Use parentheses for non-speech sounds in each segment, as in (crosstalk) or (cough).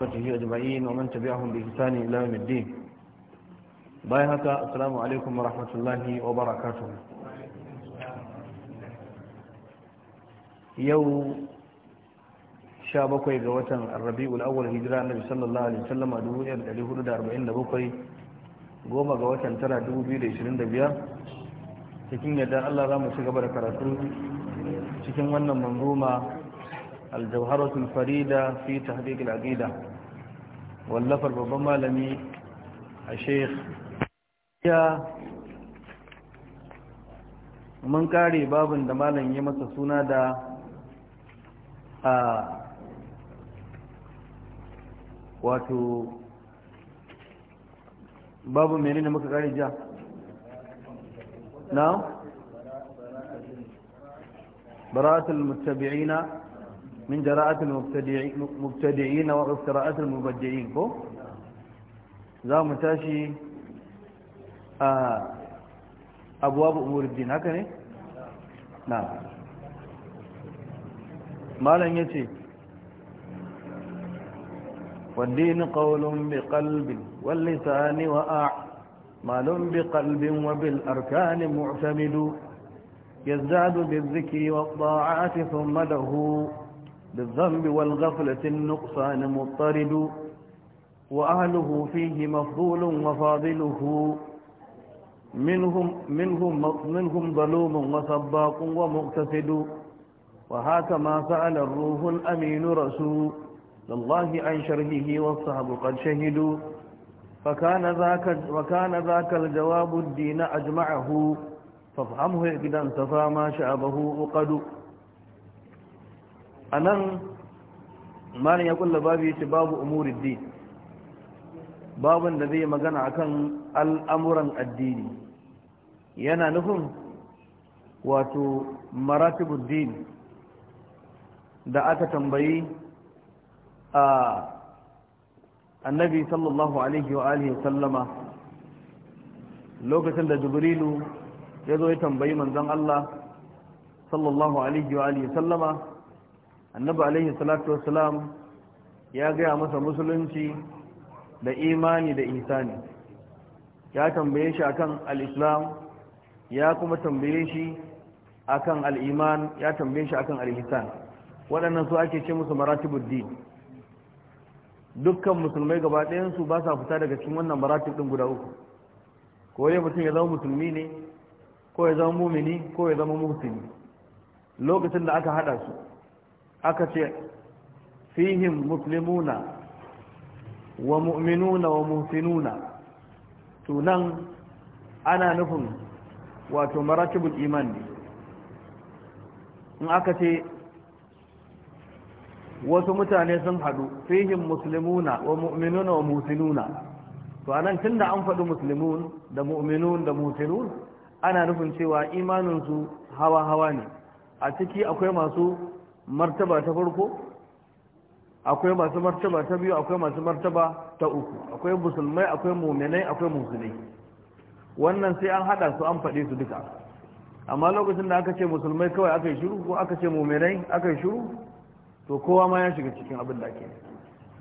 وجهه أجمعين ومن تبعهم بإحسان إلى يوم الدين باي هكا السلام عليكم ورحمة الله وبركاته يو شابك قوة الربيع الأول هجراء النبي صلى الله عليه وسلم أدوه إلى هدود أربعين لبقوي قوم قوة ترى دوه dubu biyu دبيا تكين يدى الله رامو سيقبر Allah تكين وانا منظومة الجوهرة الفريدة في تحديق العقيدة wallafar babban malami a sheikh ya mun kare babin da malam ya masa suna da a wato babu mene ne muka kare ja na baratul mutabi'ina من جراءة المبتدعين وقراءة المبدعين بو زام آه أبواب أمور الدين هكذا نعم ما لن يتي والدين قول بقلب واللسان وأع مال بقلب وبالأركان معتمد يزداد بالذكر والطاعات ثم له بالذنب والغفلة النقصان مضطرد وأهله فيه مفضول وفاضله منهم, منهم, منهم ظلوم وسباق ومقتصد وهكما سأل الروح الأمين رسول الله عن شرهه والصحب قد شهدوا فكان ذاك, وكان ذاك الجواب الدين أجمعه فافهمه إذا انتفى ما شابه أقدوا a nan malin ya kulla babu ya ce babu umurin din babin da zai magana akan al'amuran addini yana nufin wato din da aka tambayi a annabi sallallahu alaihi wa alihi sallama lokacin da jibrilu ya zo ya tambayi manzon Allah sallallahu alaihi wa alihi sallama annabi alaihi salatu Wasalam ya gaya masa musulunci da imani da isani ya tambaye shi akan al-islam ya kuma tambaye shi akan al-iman ya tambaye shi akan al-ihsan waɗannan su ake ce musu maratibud din dukkan musulmai gaba ɗayan su ba sa fita daga cikin wannan maratib din guda uku ko ya mutum ya zama musulmi ne ko ya zama mumini ko ya zama muhsini lokacin da aka hada su aka ce fihim muslimuna wa mu'minuna wa muhsinuna tunan ana nufin wato maratibul iman ne in aka ce wasu mutane sun hadu fihim muslimuna wa mu'minuna wa muhsinuna to anan tunda an faɗi muslimun da mu'minun da muhsinun ana nufin cewa imaninsu hawa-hawa ne a ciki akwai masu martaba ta farko akwai masu martaba ta biyu akwai masu martaba ta uku akwai musulmai akwai mumenai akwai musulmai wannan sai an hada su an faɗe su duka amma lokacin da aka ce musulmai kawai aka yi shiru ko aka ce mumenai aka yi shiru to kowa ma ya shiga cikin abin da ake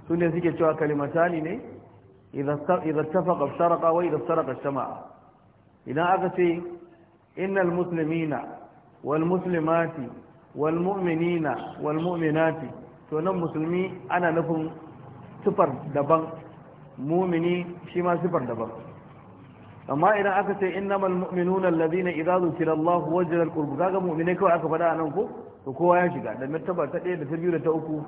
su ne suke cewa kalimatani ne idan tafaka saraka kawai idan tsara shama'a idan aka ce innal muslimina wal muslimati walmu'minina walmu'minati to nan musulmi ana nufin sifar daban mumini shi ma sifar daban amma idan aka ce innamal mu'minuna alladhina idza zukira Allah wajalat qulub kaga mu'mine kawai aka faɗa anan ko to kowa ya shiga da martaba ta ɗaya da ta biyu da ta uku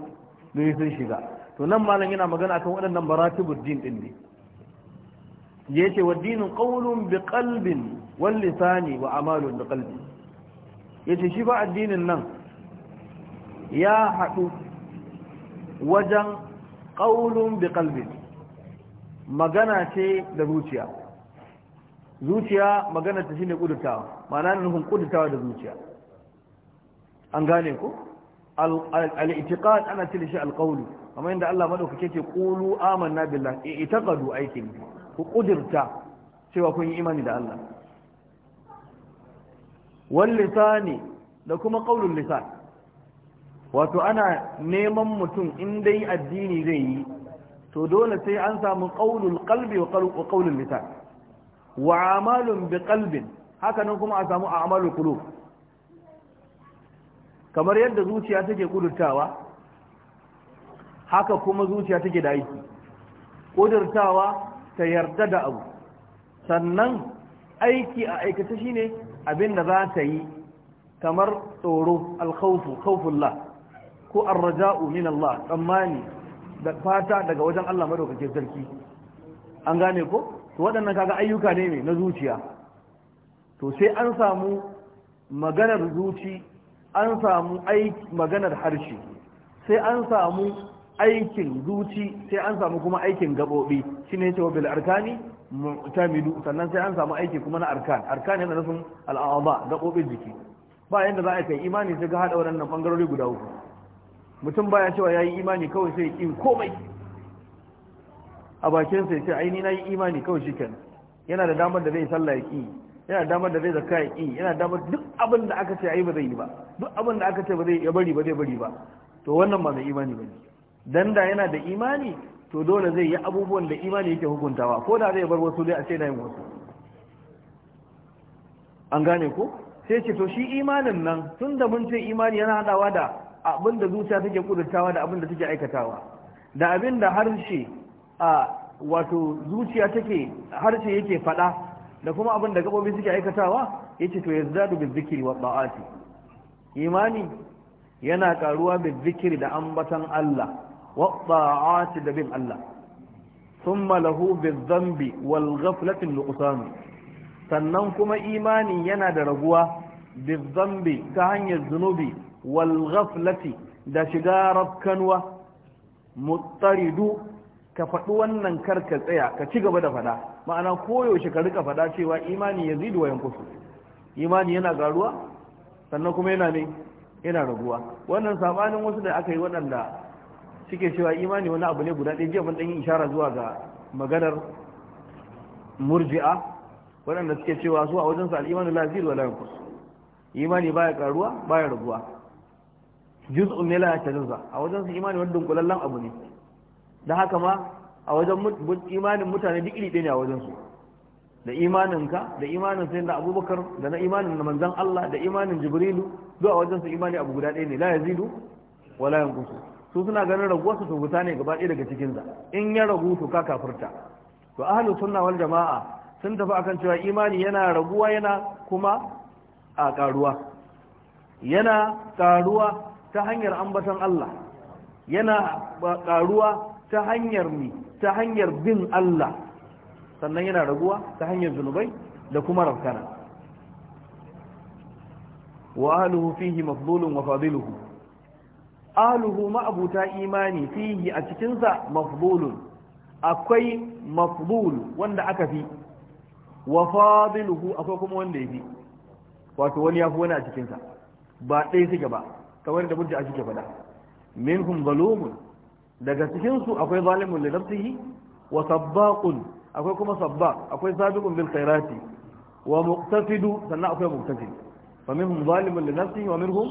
ne sun shiga to nan malam yana magana akan waɗannan baratibud din din ne yace wa dinu qawlun bi qalbin wal lisani wa amalun bi qalbi ya ce shi ba addinin nan ya haɗu wajen ƙaunin bi magana ce da zuciya zuciya magana ta shi ne ƙudutawa ma'ana nufin ƙudutawa da zuciya an gane ku al'itiƙad ana cire shi alƙaunin amma inda Allah maɗauka ke ce ƙulu amanna billah ƙadu aikin ku ƙudurta cewa kun yi imani da Allah wal lisani da kuma qaulul lisan wato ana neman mutum in dai addini zai yi to dole sai an samu qaulul qalbi wa qaulul lisan wa bi qalbin haka kuma a samu a'malul qulub kamar yadda zuciya take kudurtawa haka kuma zuciya take da aiki kudurtawa ta yarda da abu sannan aiki a aikata shine abin da za ta yi kamar tsoro alkhawfu khawfullah ko arraja'u min Allah tsammani da fata daga wajen Allah madaukakin sarki an gane ko to waɗannan kaga ayyuka ne mai na zuciya to sai an samu maganar zuci an samu aiki maganar harshe sai an samu aikin zuci sai an samu kuma aikin gabobi shine cewa bil arkani mu'tamidu sannan sai an samu aiki kuma na arkan arkan yana nufin da kobin jiki ba yanda za a kai imani sai ga haɗa waɗannan bangarori guda uku mutum baya cewa ya yi imani kawai sai ƙin komai a bakin sai ce aini na yi imani kawai shi yana da damar da zai sallah ya yana da damar da zai zakka ya yana da damar duk abin da aka ce ayi ba zai yi ba duk abin da aka ce ba zai ya bari ba zai bari ba to wannan ba mai imani ba ne dan da yana da imani to dole zai yi abubuwan da imani yake hukuntawa ko da zai bar wasu dai a ce da yin wasu an gane ko sai ce to shi imanin nan tun da mun ce imani yana hadawa da abin da zuciya take kudurtawa da abin da take aikatawa da abin da harshe a wato zuciya take harshe yake fada da kuma abin da gabobi suke aikatawa yace to yazdadu bil zikri wa ta'ati imani yana karuwa bil zikri da ambatan Allah والطاعات دبين الله ثم له بالذنب والغفلة النقصان sannan kuma imani yana da raguwa bizambi ta hanyar zunubi wal da shiga rafkanwa muttaridu ka faɗi wannan kar ka tsaya ka ci gaba da faɗa ma'ana koyaushe ka rika faɗa cewa imani ya zidu wayan kusu yana garuwa sannan kuma yana ne yana raguwa wannan sabanin wasu da aka yi waɗanda suke cewa imani wani abu ne guda ɗaya jiya mun yi ishara zuwa ga maganar murji'a waɗanda suke cewa su a wajen su al'imanu la zil wala yanqus imani baya karuwa baya raguwa juz'un ne la za a wajen su imani wani dunkulallen abu ne da haka ma a wajen imanin mutane duk iri ɗaya ne a wajen su da imaninka da imanin sai da abubakar da na imanin na manzan Allah da imanin jibrilu zuwa wajen su imani abu guda ɗaya ne la yazidu wala yanqusu su suna ganin raguwarsu su wuta ne gaba ɗaya daga za in ya ragu to ka kafirta to ahlus sunna wal jama'a sun tafi akan cewa imani yana raguwa yana kuma a karuwa yana karuwa ta hanyar ambaton Allah yana karuwa ta hanyar mi ta hanyar bin Allah sannan yana raguwa ta hanyar zunubai da kuma rafkana wa ahluhu fihi mafdulun wa fadiluhu Aluhu ma'abuta imani fihi a cikinsa mafdulun akwai mafdul wanda aka fi wa fadiluhu akwai kuma wanda ya fi wato wani ya fi wani a cikinsa ba ɗaya suke ba kamar da burji a cike faɗa minhum zalumun daga cikinsu akwai zalimun li wa sabbaqun akwai kuma sabbaq akwai sabiqun bil khairati wa muqtasidu sannan akwai muqtasidu ومنهم ظالم لنفسه ومنهم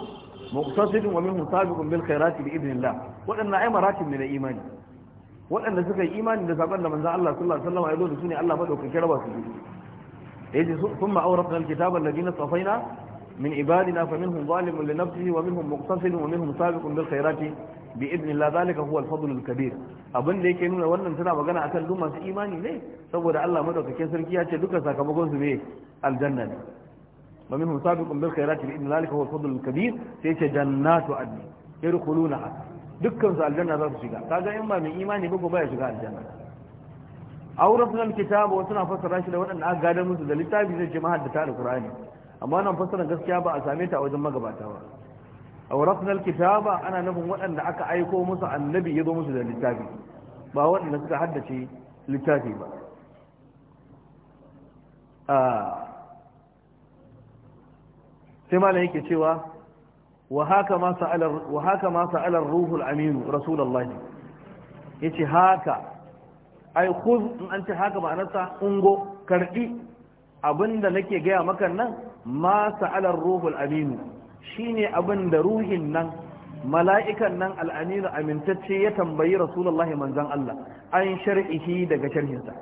مقتصد ومنهم سابق بالخيرات باذن الله ودنا اي مراتب من الايمان wadanda suka yi imani da sabon da manzon Allah sallallahu alaihi wasallam ya zo da su ne Allah madaukake raba su yaji thumma awraqna alkitaba alladhina safaina min ibadina faminhum zalimun li nafsihi wa minhum muqtasid wa minhum bi idnillah zalika huwa al kabir abin da yake nuna wannan tana magana akan duk masu imani ne saboda Allah madaukakin sarki ya ce duka sakamakon su ne aljanna ne wa minhum sabiqun bil khairati bi idhnillah huwa al-fadlul kabir sai ce jannatu adni yadkhulunaha dukkan su aljanna za su shiga kaga in ba mai imani ba ba ya shiga aljanna awrafna al-kitaba wa suna fassara shi da waɗanda aka gadar musu da littafi zai ce mahaddata al-qur'ani amma wannan fassara gaskiya ba a same ta wajen magabata ba awrafna al-kitaba ana nufin waɗanda aka aiko musu annabi ya zo musu da littafi ba waɗanda suka haddace littafi ba sai malam yake cewa wa haka ma sa'alar ruhul aminu rasulallahi ya ce haka ai kuz in an ce haka ma'anarsa ungo karɗi abinda nake gaya maka nan ma sa'alar ruhul aminu shine abin da ruhin nan mala'ikan nan al'aminu amintacce ya tambayi rasulullahi manzan Allah an shar'ihi daga sharhinsa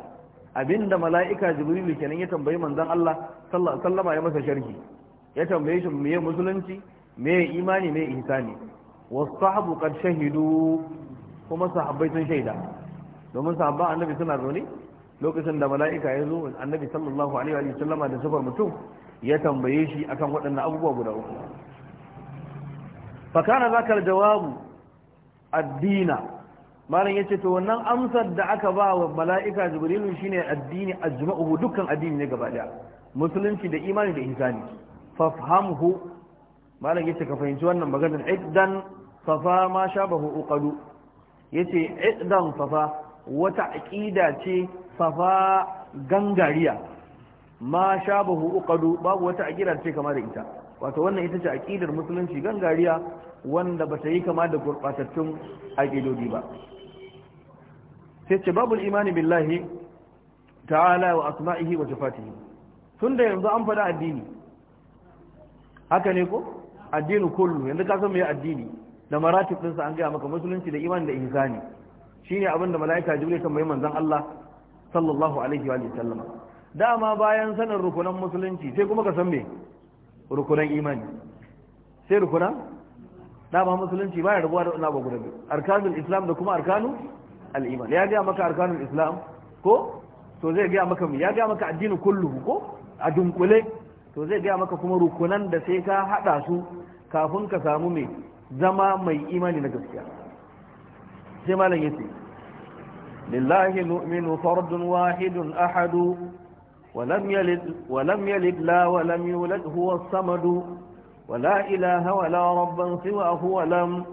abinda mala'ika jibrilu kenan ya tambayi manzan Allah sallama ya masa sharhi ya tambaye shi me musulunci me imani me ihsani sahabu kad shahidu kuma sahabbai sun shaida domin sahabba annabi suna zaune lokacin da mala'ika ya zo annabi sallallahu alaihi wa sallama da sufar mutum ya tambaye shi akan waɗannan abubuwa guda uku fakana zaka jawabu addina malam yace to wannan amsar da aka ba wa mala'ika jibrilu shine addini ajma'uhu dukkan addini ne gaba daya musulunci da imani da ihsani fafhamhu malam yace ka fahimci wannan maganar iddan safa ma shabahu uqadu yace iddan safa wata aqida ce safa gangariya ma shabahu uqadu babu wata aqida ce kama da ita wato wannan ita ce aqidar musulunci gangariya wanda ba ta yi kama da gurbatattun aqidodi ba sai ce babu imani billahi ta'ala wa asma'ihi wa sifatihi tunda yanzu an fada addini haka ne ko addini kullu yanzu ka san me addini da maratib din sa an gaya maka musulunci da imani da ihsani shine abin da malaika jibril kan mai manzon Allah sallallahu alaihi wa sallama dama bayan sanin rukunan musulunci sai kuma ka san me rukunan imani sai rukunan dama musulunci baya rabuwa da ba guda biyu arkanul islam da kuma arkanu al-iman ya gaya maka arkanul islam ko to zai gaya maka ya gaya maka addini kulluhu ko a dunkule to zai gaya maka kuma rukunan da sai ka hada su kafin ka samu mai zama mai imani na gaskiya sai malam yace lillahi nu'minu fardun wahidun ahadu ولم يلد ولم يلد لا ولم يولد هو الصمد ولا إله ولا ربا سواه ولم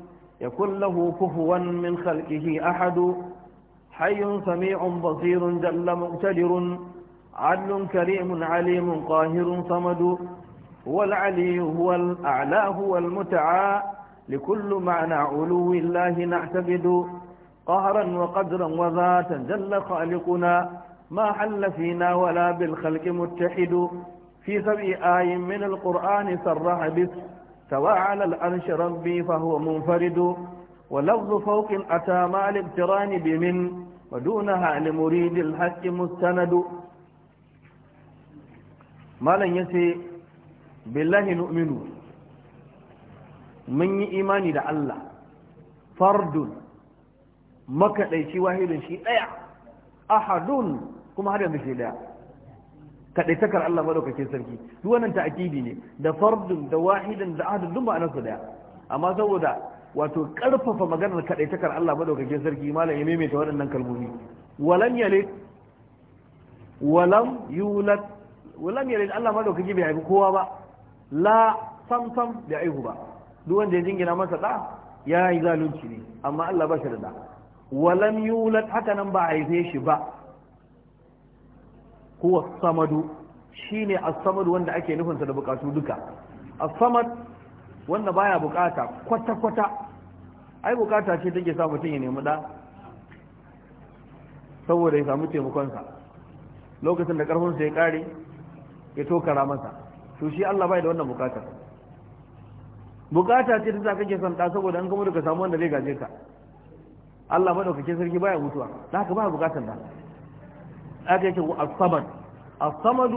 يكن له كفوا من خلقه أحد حي سميع بصير جل مقتدر عدل كريم عليم قاهر صمد هو العلي هو الأعلى هو المتعى لكل معنى علو الله نعتقد قهرا وقدرا وذاتا جل خالقنا ما حل فينا ولا بالخلق متحد في سبع آي من القرآن صرح بس سوى على الأرش ربي فهو منفرد ولفظ فوق أتى مع الاقتران بمن ودونها لمريد الحق مستند malam ya ce billahi nu'minu mun yi imani da Allah fardun makaɗaici wahidun shi ɗaya ahadun kuma har yanzu shi ɗaya kaɗaitakar Allah maɗaukakin sarki duk wannan ta'akidi ne da fardun da wahidan da ahadun duk su ɗaya amma saboda wato ƙarfafa maganar kaɗaitakar Allah maɗaukakin sarki malam ya maimaita waɗannan kalmomi walam yalid walam yulad walam yarid Allah madaukaki bai haifi kowa ba la sam sam bai haihu ba duk wanda ya jingina masa da ya yi zalunci ne amma Allah ba shi da da walam yulad haka nan ba haife shi ba Kuwa samadu shine as-samad wanda ake sa da bukatu duka as-samad wanda baya bukata kwata kwata ai bukata ce take sa mutum ya nemi da saboda ya samu taimakonsa lokacin da karfinsa ya kare ya tokara masa to shi Allah bai da wannan bukata bukata ce ta sa kake son ta saboda an kuma da ka samu wanda zai gaje ka Allah madaukakin sarki baya mutuwa da haka ba bukatar da aka yake as-samad as samad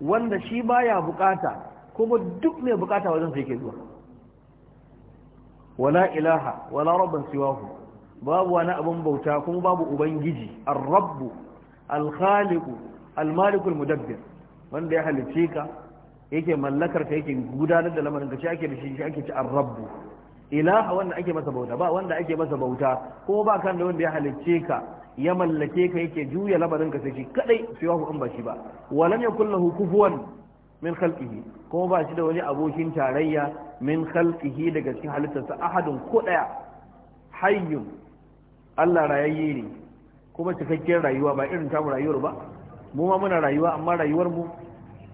wanda shi baya bukata kuma duk mai bukata wajen sa yake zuwa wala ilaha wala rabban siwahu babu wani abin bauta kuma babu ubangiji ar-rabb al-khaliq al-malik al-mudabbir wanda ya halice ka yake mallakar ka yake gudanar da lamarin ka shi ake da shi shi ake ci an rabbu ilaha wanda ake masa bauta ba wanda ake masa bauta ko ba kan da wanda ya halice ka ya mallake ka yake juya lamarin ka sai shi kadai siwahu in ba shi ba walam yakul lahu kufuwan min khalqihi ko ba shi da wani abokin tarayya min khalqihi daga cikin halittarsa ahadun ko daya hayyun Allah rayayye ne kuma cikakken rayuwa ba irin tamu rayuwar ba mu ma muna rayuwa amma rayuwar mu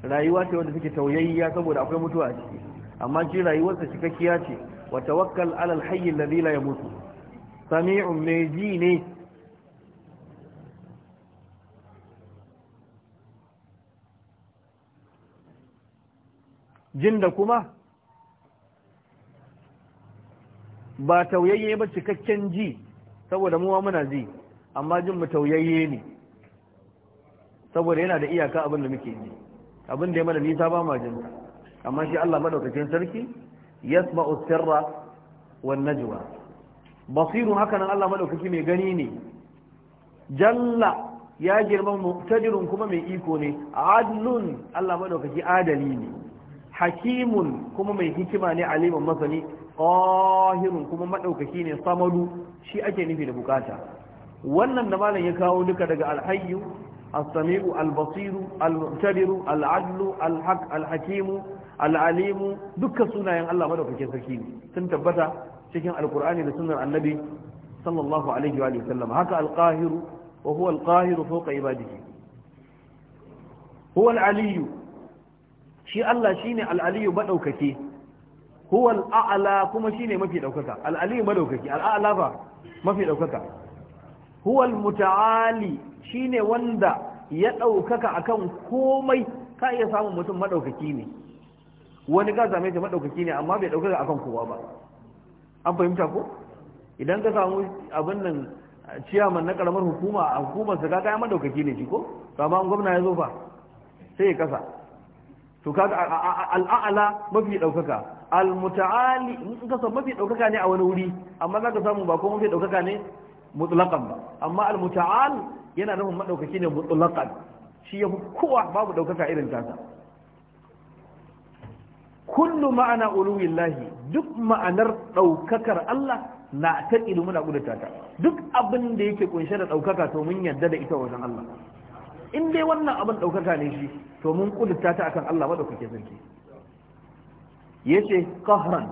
rayuwa ce wanda take tauyayya saboda akwai mutuwa a ciki amma shi rayuwarsa cikakkiya ce wa tawakkal alal hayy alladhi la yamut sami'un mai ji ne jin da kuma ba tauyayye ba cikakken ji saboda muwa muna ji amma jin mu tauyayye ne saboda yana da iyaka abin da muke ji abin da ya mana nisa ba ma jinta amma shi Allah madaukakin sarki yasma'u sirra wan najwa basiru haka nan Allah madaukaki mai gani ne jalla ya girma muqtadirun kuma mai iko ne adlun Allah madaukaki adali ne hakimun kuma mai hikima ne aliman masani qahirun kuma madaukaki ne samadu shi ake nufi da bukata wannan da malam ya kawo duka daga alhayyu السميع البصير المعتبر العدل الحق الحكيم العليم دك سنة الله مدوكين سكين تنتبتا cikin alkur'ani da sunnar annabi sallallahu alaihi wa sallam haka alqahiru wa huwa alqahiru fawqa ibadihi huwa Aliyu shi Allah shine aliyu madaukake huwa al'ala kuma shine mafi daukaka alaliyu al al'ala fa mafi daukaka huwa almutaali Shi ne wanda ya ɗaukaka akan komai ka iya samun mutum maɗaukaki ne wani ka same shi maɗaukaki ne amma bai ɗaukaka akan kowa ba an fahimta ko idan ka samu abin nan ciyaman na ƙaramar hukuma a hukumar su kaga ya maɗaukaki ne shi ko kama an gwamna ya zo fa sai ya kasa to kaga al'a'ala mafi ɗaukaka al-muta'ali in ka mafi ɗaukaka ne a wani wuri amma za ka samu ba ko mafi ɗaukaka ne mutlaqan ba amma al-muta'al yana nufin maɗaukaki ne mutlaqan shi yafi kowa babu daukaka irin tasa kullu ma'ana uluwillahi duk ma'anar ɗaukakar Allah na ta muna gudata ta duk abin da yake kunshe da ɗaukaka to mun yarda da ita wajen Allah in dai wannan abin daukaka ne shi to mun kudata ta akan Allah madaukake Ya yace qahran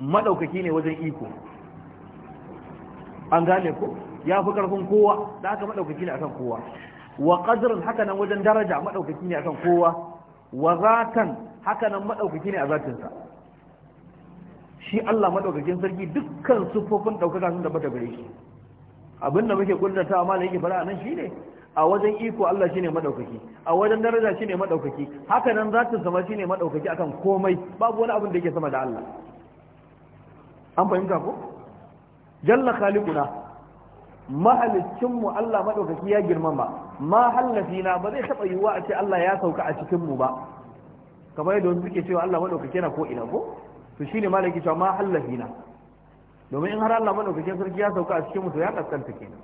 madaukaki ne wajen iko an gane ko ya fi ƙarfin kowa da aka maɗaukaki ne kan kowa wa qadrun haka nan wajen daraja maɗaukaki ne a kan kowa wa zatan haka nan maɗaukaki ne a zatinsa shi Allah maɗaukakin sarki dukkan sufofin ɗaukaka sun tabbata gare shi abinda muke ta amma da yake fara nan shi ne a wajen iko Allah shine maɗaukaki a wajen daraja shine maɗaukaki haka nan zama shi ne maɗaukaki akan komai babu wani abin da yake sama da Allah an fahimta ko jalla khaliquna mu Allah madaukaki ya girmama ma hallafina ba zai taɓa yiwuwa a ce Allah ya sauka a cikinmu ba kamar yadda wasu suke cewa Allah madaukaki yana ko ina ko to shine malaki cewa ma hallafina domin in har Allah madaukakin sarki ya sauka a cikinmu to ya kaskanta kenan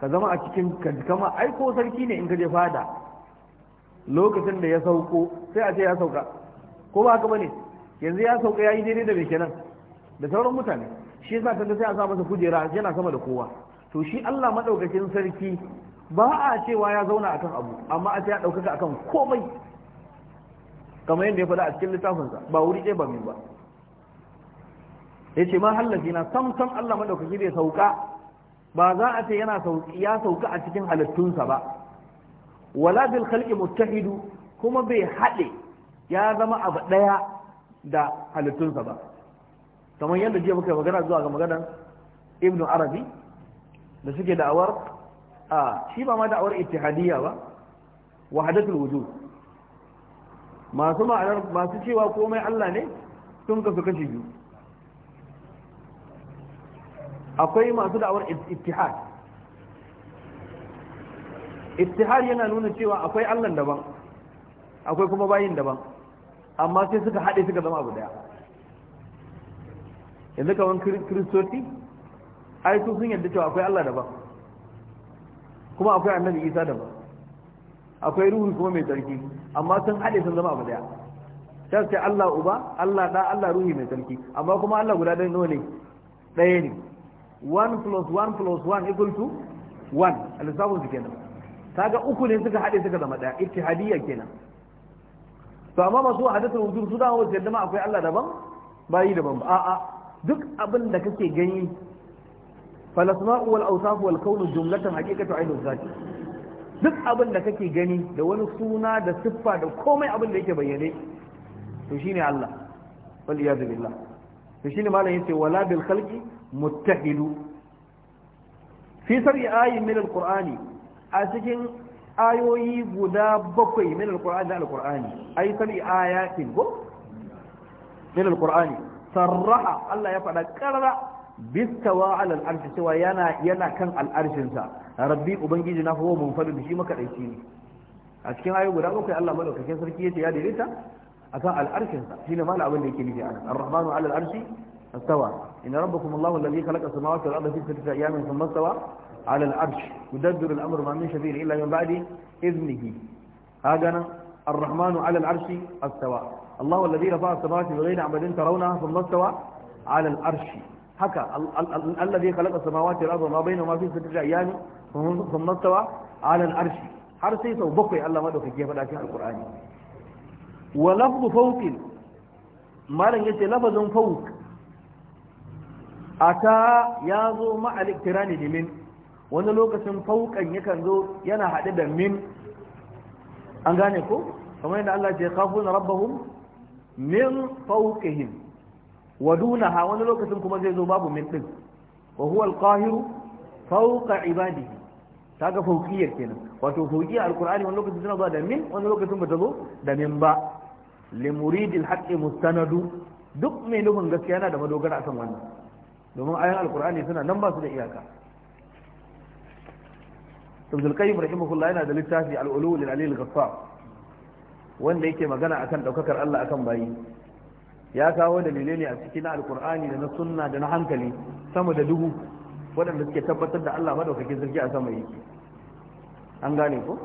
ka zama a cikin kama ai ko sarki ne in ka je fada lokacin da ya sauko sai a ce ya sauka ko ba haka bane yanzu ya sauka ya yi daidai da mai kenan da sauran mutane shi yasa ta sai a sa masa kujera yana sama da kowa to shi Allah madaukakin sarki ba a cewa ya zauna akan abu amma a ce ya daukaka akan komai kamar yadda ya faɗa a cikin littafinsa ba wuri ɗaya ba min ba ya ma hallafi na samsam Allah maɗaukaki bai sauka ba za a ce yana sauki ya sauka a cikin halittunsa ba wala bil khalqi muttahidu kuma bai haɗe ya zama abu ɗaya da halittunsa ba kamar yadda jiya muka magana zuwa ga maganan ibnu arabi da suke da'awar a shi ba ma da'awar ittihadiyya ba wahadatul wujud masu ma'anar masu cewa komai Allah ne sun kasu kashi biyu akwai masu da'awar ittihad ittihad yana nuna cewa akwai Allah daban akwai kuma bayin daban amma sai suka haɗe suka zama abu daya yanzu kaman kiristoci ai su sun yadda cewa akwai Allah daban kuma akwai annabi Isa daban akwai ruhu kuma mai tsarki amma sun haɗe sun zama abu daya sai sai Allah uba Allah da Allah ruhi mai tsarki amma kuma Allah guda ɗaya ne daya ne 1 plus 1 plus 1 equal to 1 a lissafin su kenan kaga uku ne suka haɗe suka zama ɗaya hadiyya kenan to amma masu hadathul wujud su da yadda da akwai Allah daban bayi daban ba a'a duk abin da kake gani falasma'u wal awsaf wal kaunu jumlatan haqiqatu ainu zati duk abin da kake gani da wani suna da siffa da komai abin da yake bayyane to shine Allah wal iyad billah to shine malam yace wala bil khalqi muttahidu fi sari ayi min al qur'ani a cikin ayoyi guda bakwai min al qur'ani da qur'ani ay sari ayatin ko min al qur'ani sarraha Allah ya faɗa ƙarra bistawa ala al'arshi cewa yana yana kan al'arshinsa rabbi ubangiji na huwa munfarid shi makadaici ne a cikin ayoyi guda bakwai Allah madaukakin sarki yace ya daidaita akan al'arshinsa shine ma abin da yake nufi anan ar-rahmanu ala al'arshi استوى إن ربكم الله الذي خلق السماوات والأرض في ستة أيام ثم استوى على العرش يدبر الأمر ما من شفيع إلا من بعد إذنه هذا الرحمن على العرش استوى Allahu alladhi rafa'a as-samawati bighayri 'amadin tarawnaha thumma istawa 'ala arshi haka alladhi khalaqa as-samawati wal ma bainahuma fi sittati ayyamin arshi har sai sau bakwai Allah madaukake ya faɗa cikin alqur'ani wa lafzu fawqin malam yace lafazin fawq ata ya zo ma'al iktirani da min wani lokacin faukan yakan zo yana haɗe da min an gane ko kamar yadda Allah ce kafuna rabbahum min fawqihim wa dunaha wani lokacin kuma zai zo babu min din wa huwa al-qahiru fawqa ibadihi kaga fawqiyar kenan wato fawqiyar qurani wani lokacin tana zuwa da min wani lokacin ba zo da min ba li al-haqq mustanadu duk mai nufin gaskiya yana da madogara akan wannan domin ayan al-qur'ani suna nan ba su da iyaka ibn al-qayyim rahimahullah yana da littafi al-ulul lil-alil ghaffar wanda yake magana akan daukakar Allah akan bayi ya kawo dalilai ne a cikin alkur'ani da na sunna da na hankali sama da dubu waɗanda suke tabbatar da Allah madaukakin sarki a sama yake an gane ko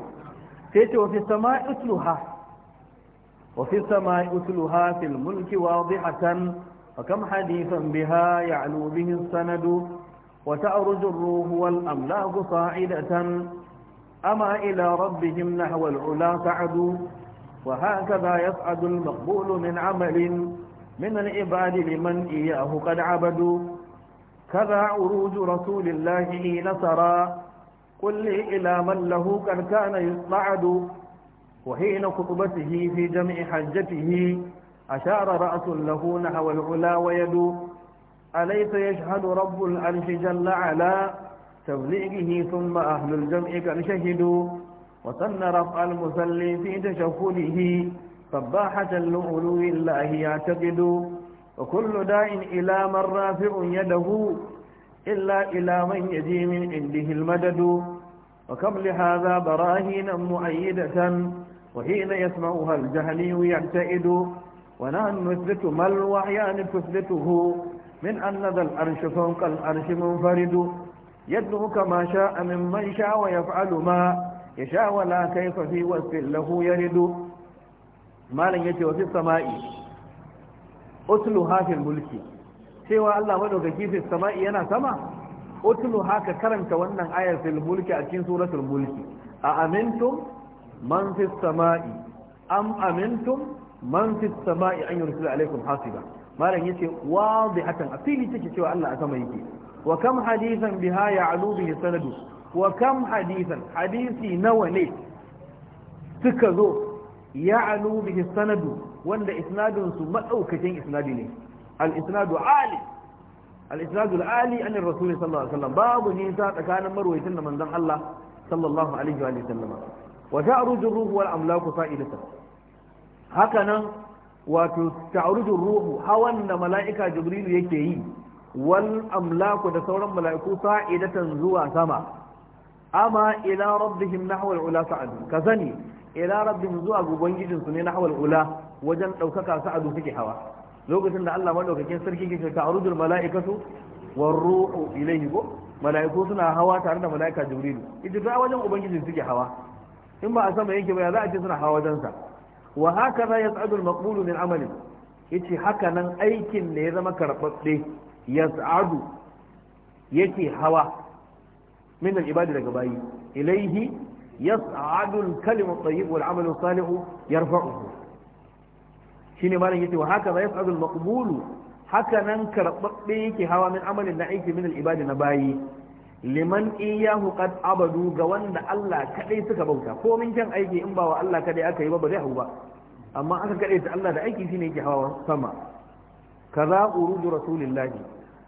sai ce wa fi sama'i utluha wa fi sama'i utluha fil mulki wadihatan fa kam hadithan biha ya'lu bihi sanadu wa ta'ruju ar-ruhu wal amlaq sa'idatan ama ila rabbihim nahwa al-ula sa'adu وهكذا يصعد المقبول من عمل من العباد لمن إياه قد عبدوا كذا عروج رسول الله حين سرى قل لي إلى من له قد كان يصعد وحين خطبته في جمع حجته أشار رأس له نحو العلا ويد أليس يشهد رب الألف جل على تبليغه ثم أهل الجمع قد شهدوا وسن رفع المسلي في تشهده صباحة لعلو الله يعتقد وكل داء إلى من رافع يده إلا إلى من يجي من عنده المدد وكم لهذا براهين مؤيدة وحين يسمعها الجهلي يعتئد ونحن نثبت ما الوحيان تثبته من أن ذا الأرش فوق الأرش منفرد يدعو كما شاء ممن شاء ويفعل ما ya sha wala kai fa fi wasfin lahu ya rido malam yace wa fi sama'i utlu hafil mulki cewa Allah madaukaki fi sama'i yana sama utlu haka karanta wannan ayar fil mulki a cikin suratul mulki a amintum man fi sama'i am amintum man fi sama'i an yursila alaikum hasiba malam yace a fili take cewa Allah a sama yake wa kam hadisan biha ya'lu bihi sanadu wa kam hadisan hadisi nawa ne suka zo ya alu bihi sanadu wanda isnadun su madaukakin isnadi ne al isnadu ali al isnadu ali an rasul sallallahu alaihi wasallam babu nisa tsakanin marwayitin da manzon Allah sallallahu alaihi wa sallam wa ta'ruju ruhu wal amlaku sa'idatan haka nan wato ta'ruju ruhu hawan da mala'ika jibrilu yake yi wal amlaku da sauran mala'iku sa'idatan zuwa sama amma ila rabbihim nahwal ula sa'adu ka sani ila rabbihim zuwa ga ubangijin su ne nahwal ula wajen daukaka sa'adu suke hawa lokacin da Allah madaukakin sarki ke ta arudul mala'ikatu war ruhu ilayhi go mala'iku suna hawa tare da mala'ika jibrilu idan ta wajen ubangijin suke hawa in ba a sama yake ba za a ce suna hawa wajen sa wa hakaza yas'adul maqbulu min amalin yace haka nan aikin da ya zama karbabbe yas'adu yake hawa min al-ibadi daga bayi ilaihi yas'adu al-kalimu at-tayyib wal 'amalu salihu yarfa'uhu shine malam yaci wa haka yas'adu al-maqbulu haka nan karɓaɓɓe yake hawa min amalin na aiki min al'ibadi na bayi liman iyahu qad abadu ga wanda Allah kadai suka bauta ko min kan aiki in ba wa Allah kadai aka yi ba ba zai hau ba amma aka kadai ta Allah da aiki shine yake hawa sama kaza urudu rasulillah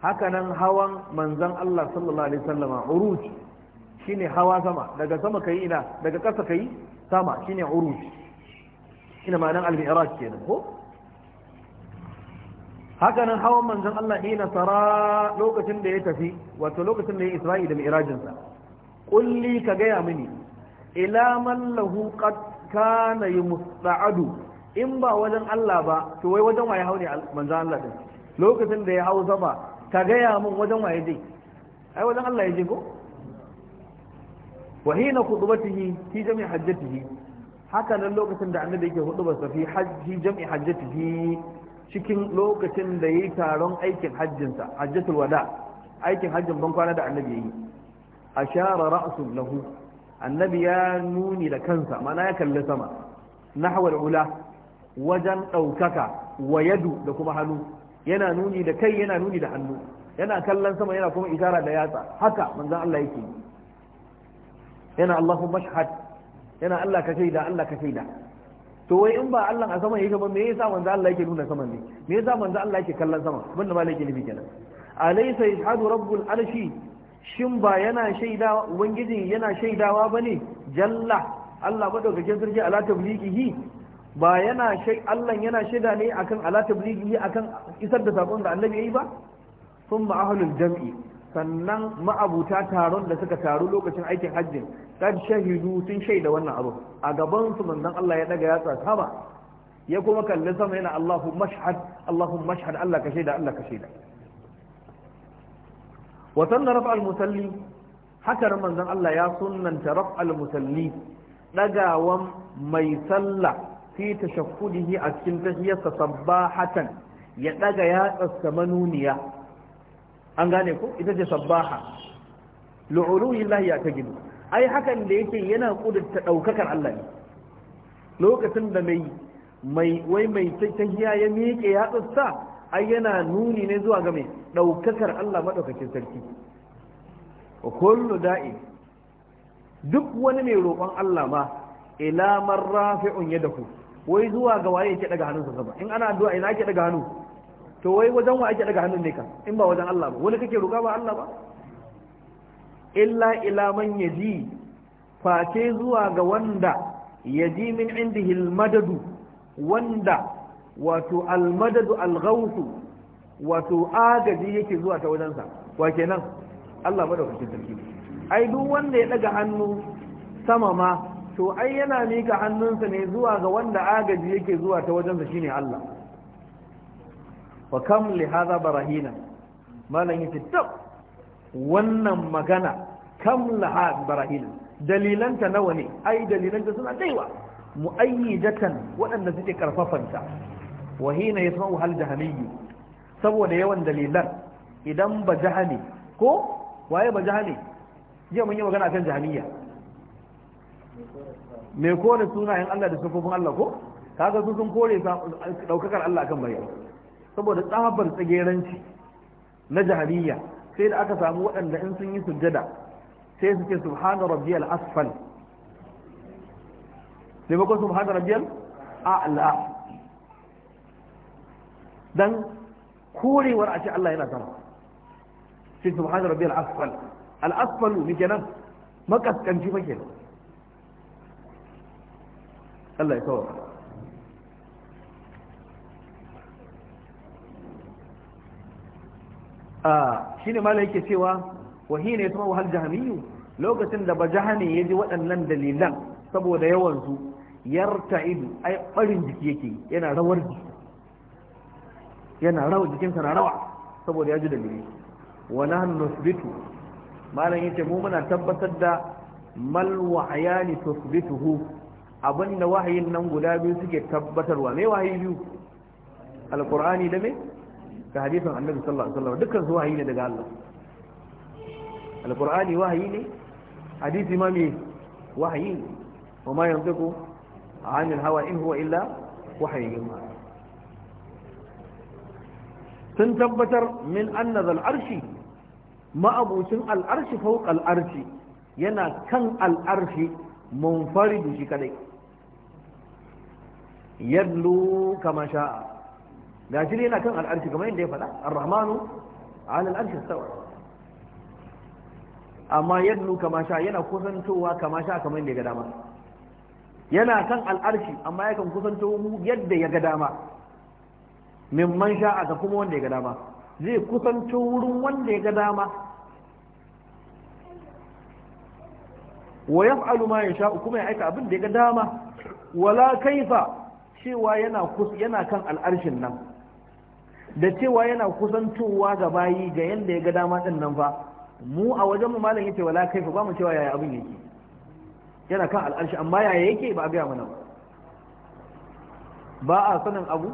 hakanan hawan manzan Allah sallallahu alaihi wasallama uruj shine hawa sama daga sama kai ina daga ƙasa kai sama shine uruj ina ma'anan al-mi'raj kenan ko hakanan hawan manzan Allah ina sara lokacin da ya tafi wato lokacin da ya Isra'i da sa kulli ka gaya mini ila man lahu qad kana yumusta'adu in ba wajen Allah ba to wai wajen waye haune manzan Allah din lokacin da ya hau sama ka gaya mun wajen waye je ai wajen Allah ya je ko wa hina khutbatihi fi jami' hajjatihi haka nan lokacin da annabi yake hudu basa fi hajji jami' hajjatihi cikin lokacin da yayi taron aikin hajjinsa hajjatul wada aikin hajjin ban kwana da annabi yayi ashara ra'su lahu annabi ya nuni da kansa mana ya kalli sama nahwa ula wajen daukaka wa yadu da kuma hannu yana nuni da kai yana nuni da hannu yana kallon sama yana kuma isara da yatsa haka manzon Allah yake yana Allahumma shahad yana Allah ka shaida Allah ka shaida to wai in ba Allah a sama yake ba me yasa manzon Allah yake nuna sama ne me yasa manzon Allah yake kallon sama banda ma yake nufi kenan alaysa yashhadu rabbul arshi shin ba yana shaidawa ubangiji yana shaidawa bane jalla Allah madaukakin sarki ala tabliqihi ba yana shai Allah yana shaida ne akan ala tablighi akan isar da sakon da annabi yayi ba thumma ahlul jam'i sannan ma'abuta taron da suka taru lokacin aikin hajjin kad shahidu sun shaida wannan abu a gaban su manzon Allah ya daga yatsa sama ya kuma kalli sama yana Allahu mashhad Allahu mashhad Allah ka shaida Allah ka shaida wa sanna rafa al-musalli haka manzon Allah ya sunnanta raf al-musalli dagawan mai sallah fi tashakkudihi a cikin tahiyarsa sabbahatan ya daga yatsarsa manuniya an gane ko ita ce sabbaha lu'uluhillahi ya ta gidu ai hakan da yake yana kudurta daukakar Allah ne lokacin da mai mai wai mai tahiyya ya miƙe ya yatsarsa ai yana nuni ne zuwa ga mai daukakar Allah madaukakin sarki kullu da'i duk wani mai roƙon Allah ma ila man rafi'un yadahu wai zuwa ga waye yake daga hannunsa sama in ana addu'a ina ake daga hannu to wai wajen wa ake daga hannun ne ka in ba wajen Allah ba wani kake roƙa ba Allah ba illa ila man yaji face zuwa ga wanda yaji min indihi almadadu wanda wato almadadu alghawsu wato agaji yake zuwa ta wajensa wa kenan Allah madaukakin sarki ai duk wanda ya daga hannu sama ma to ai yana mika hannunsa ne zuwa ga wanda agaji yake zuwa ta wajensa shine Allah wa kam li hadha barahina Malam yace tab wannan magana kam laha barahina dalilanta nawa ne ai dalilanta suna daiwa muayyidatan waɗanda suke karfafanta wa hina yasma'u hal jahamiyyu saboda yawan dalilan idan ba jahali ko waye ba jahali jiya mun yi magana akan jahamiyya mai kore sunayen Allah da sufofin Allah ko kaga su sun kore daukakar Allah kan bayan saboda tsabar tsageranci na jahiliya sai da aka samu waɗanda in sun yi sujjada sai su ce subhana rabbiyal asfal sai ba ko subhana rabbiyal a'la dan korewar a ce Allah yana sama sai subhana rabbiyal asfal al asfal ne kenan makaskanci fa kenan Allah ya kawo a shine malai yake cewa wahi ya samawa hal jahamiyu lokacin da bajahani ya ji waɗannan dalilan saboda yawan su yarta'idu ai barin jiki yake yana rawar jiki yana rawa jikinsa na rawa saboda ya ji dalili wa nahnu nusbitu malam yace mu muna tabbatar da mal wa'yani tusbituhu abinda wahayin nan guda biyu suke tabbatarwa mai wahayi biyu alqur'ani da mai da hadisin annabi sallallahu alaihi wasallam dukkan su wahayi ne daga Allah alqur'ani wahayi ne hadisi ma mai wahayi ne wa ma yanzuku hawa in huwa illa wahayi الهوى sun tabbatar min anna يوحى arshi ma abucin al arshi fawqa al arshi yana kan al arshi munfaridu shi kadai yadlu kama sha'a ga shi yana kan al'arshi kamar yadda ya faɗa ar-rahmanu ala al'arshi sawa amma yadlu kama sha'a yana kusantowa kama sha'a kamar yadda ya ga dama yana kan al'arshi amma yakan kusanto mu yadda ya ga dama mimman sha'a ga kuma wanda ya ga dama zai kusanto wurin wanda ya ga dama wa yaf'alu ma yasha'u kuma ya aika abin da ya ga dama wala kaifa cewa yana yana kan al'arshin nan da cewa yana kusantowa ga bayi ga yanda ya ga dama din nan fa mu a wajen mu malam yace wala kaifa ba mu cewa yaya abin yake yana kan al'arshi amma yaya yake ba a mana ba a sanin abu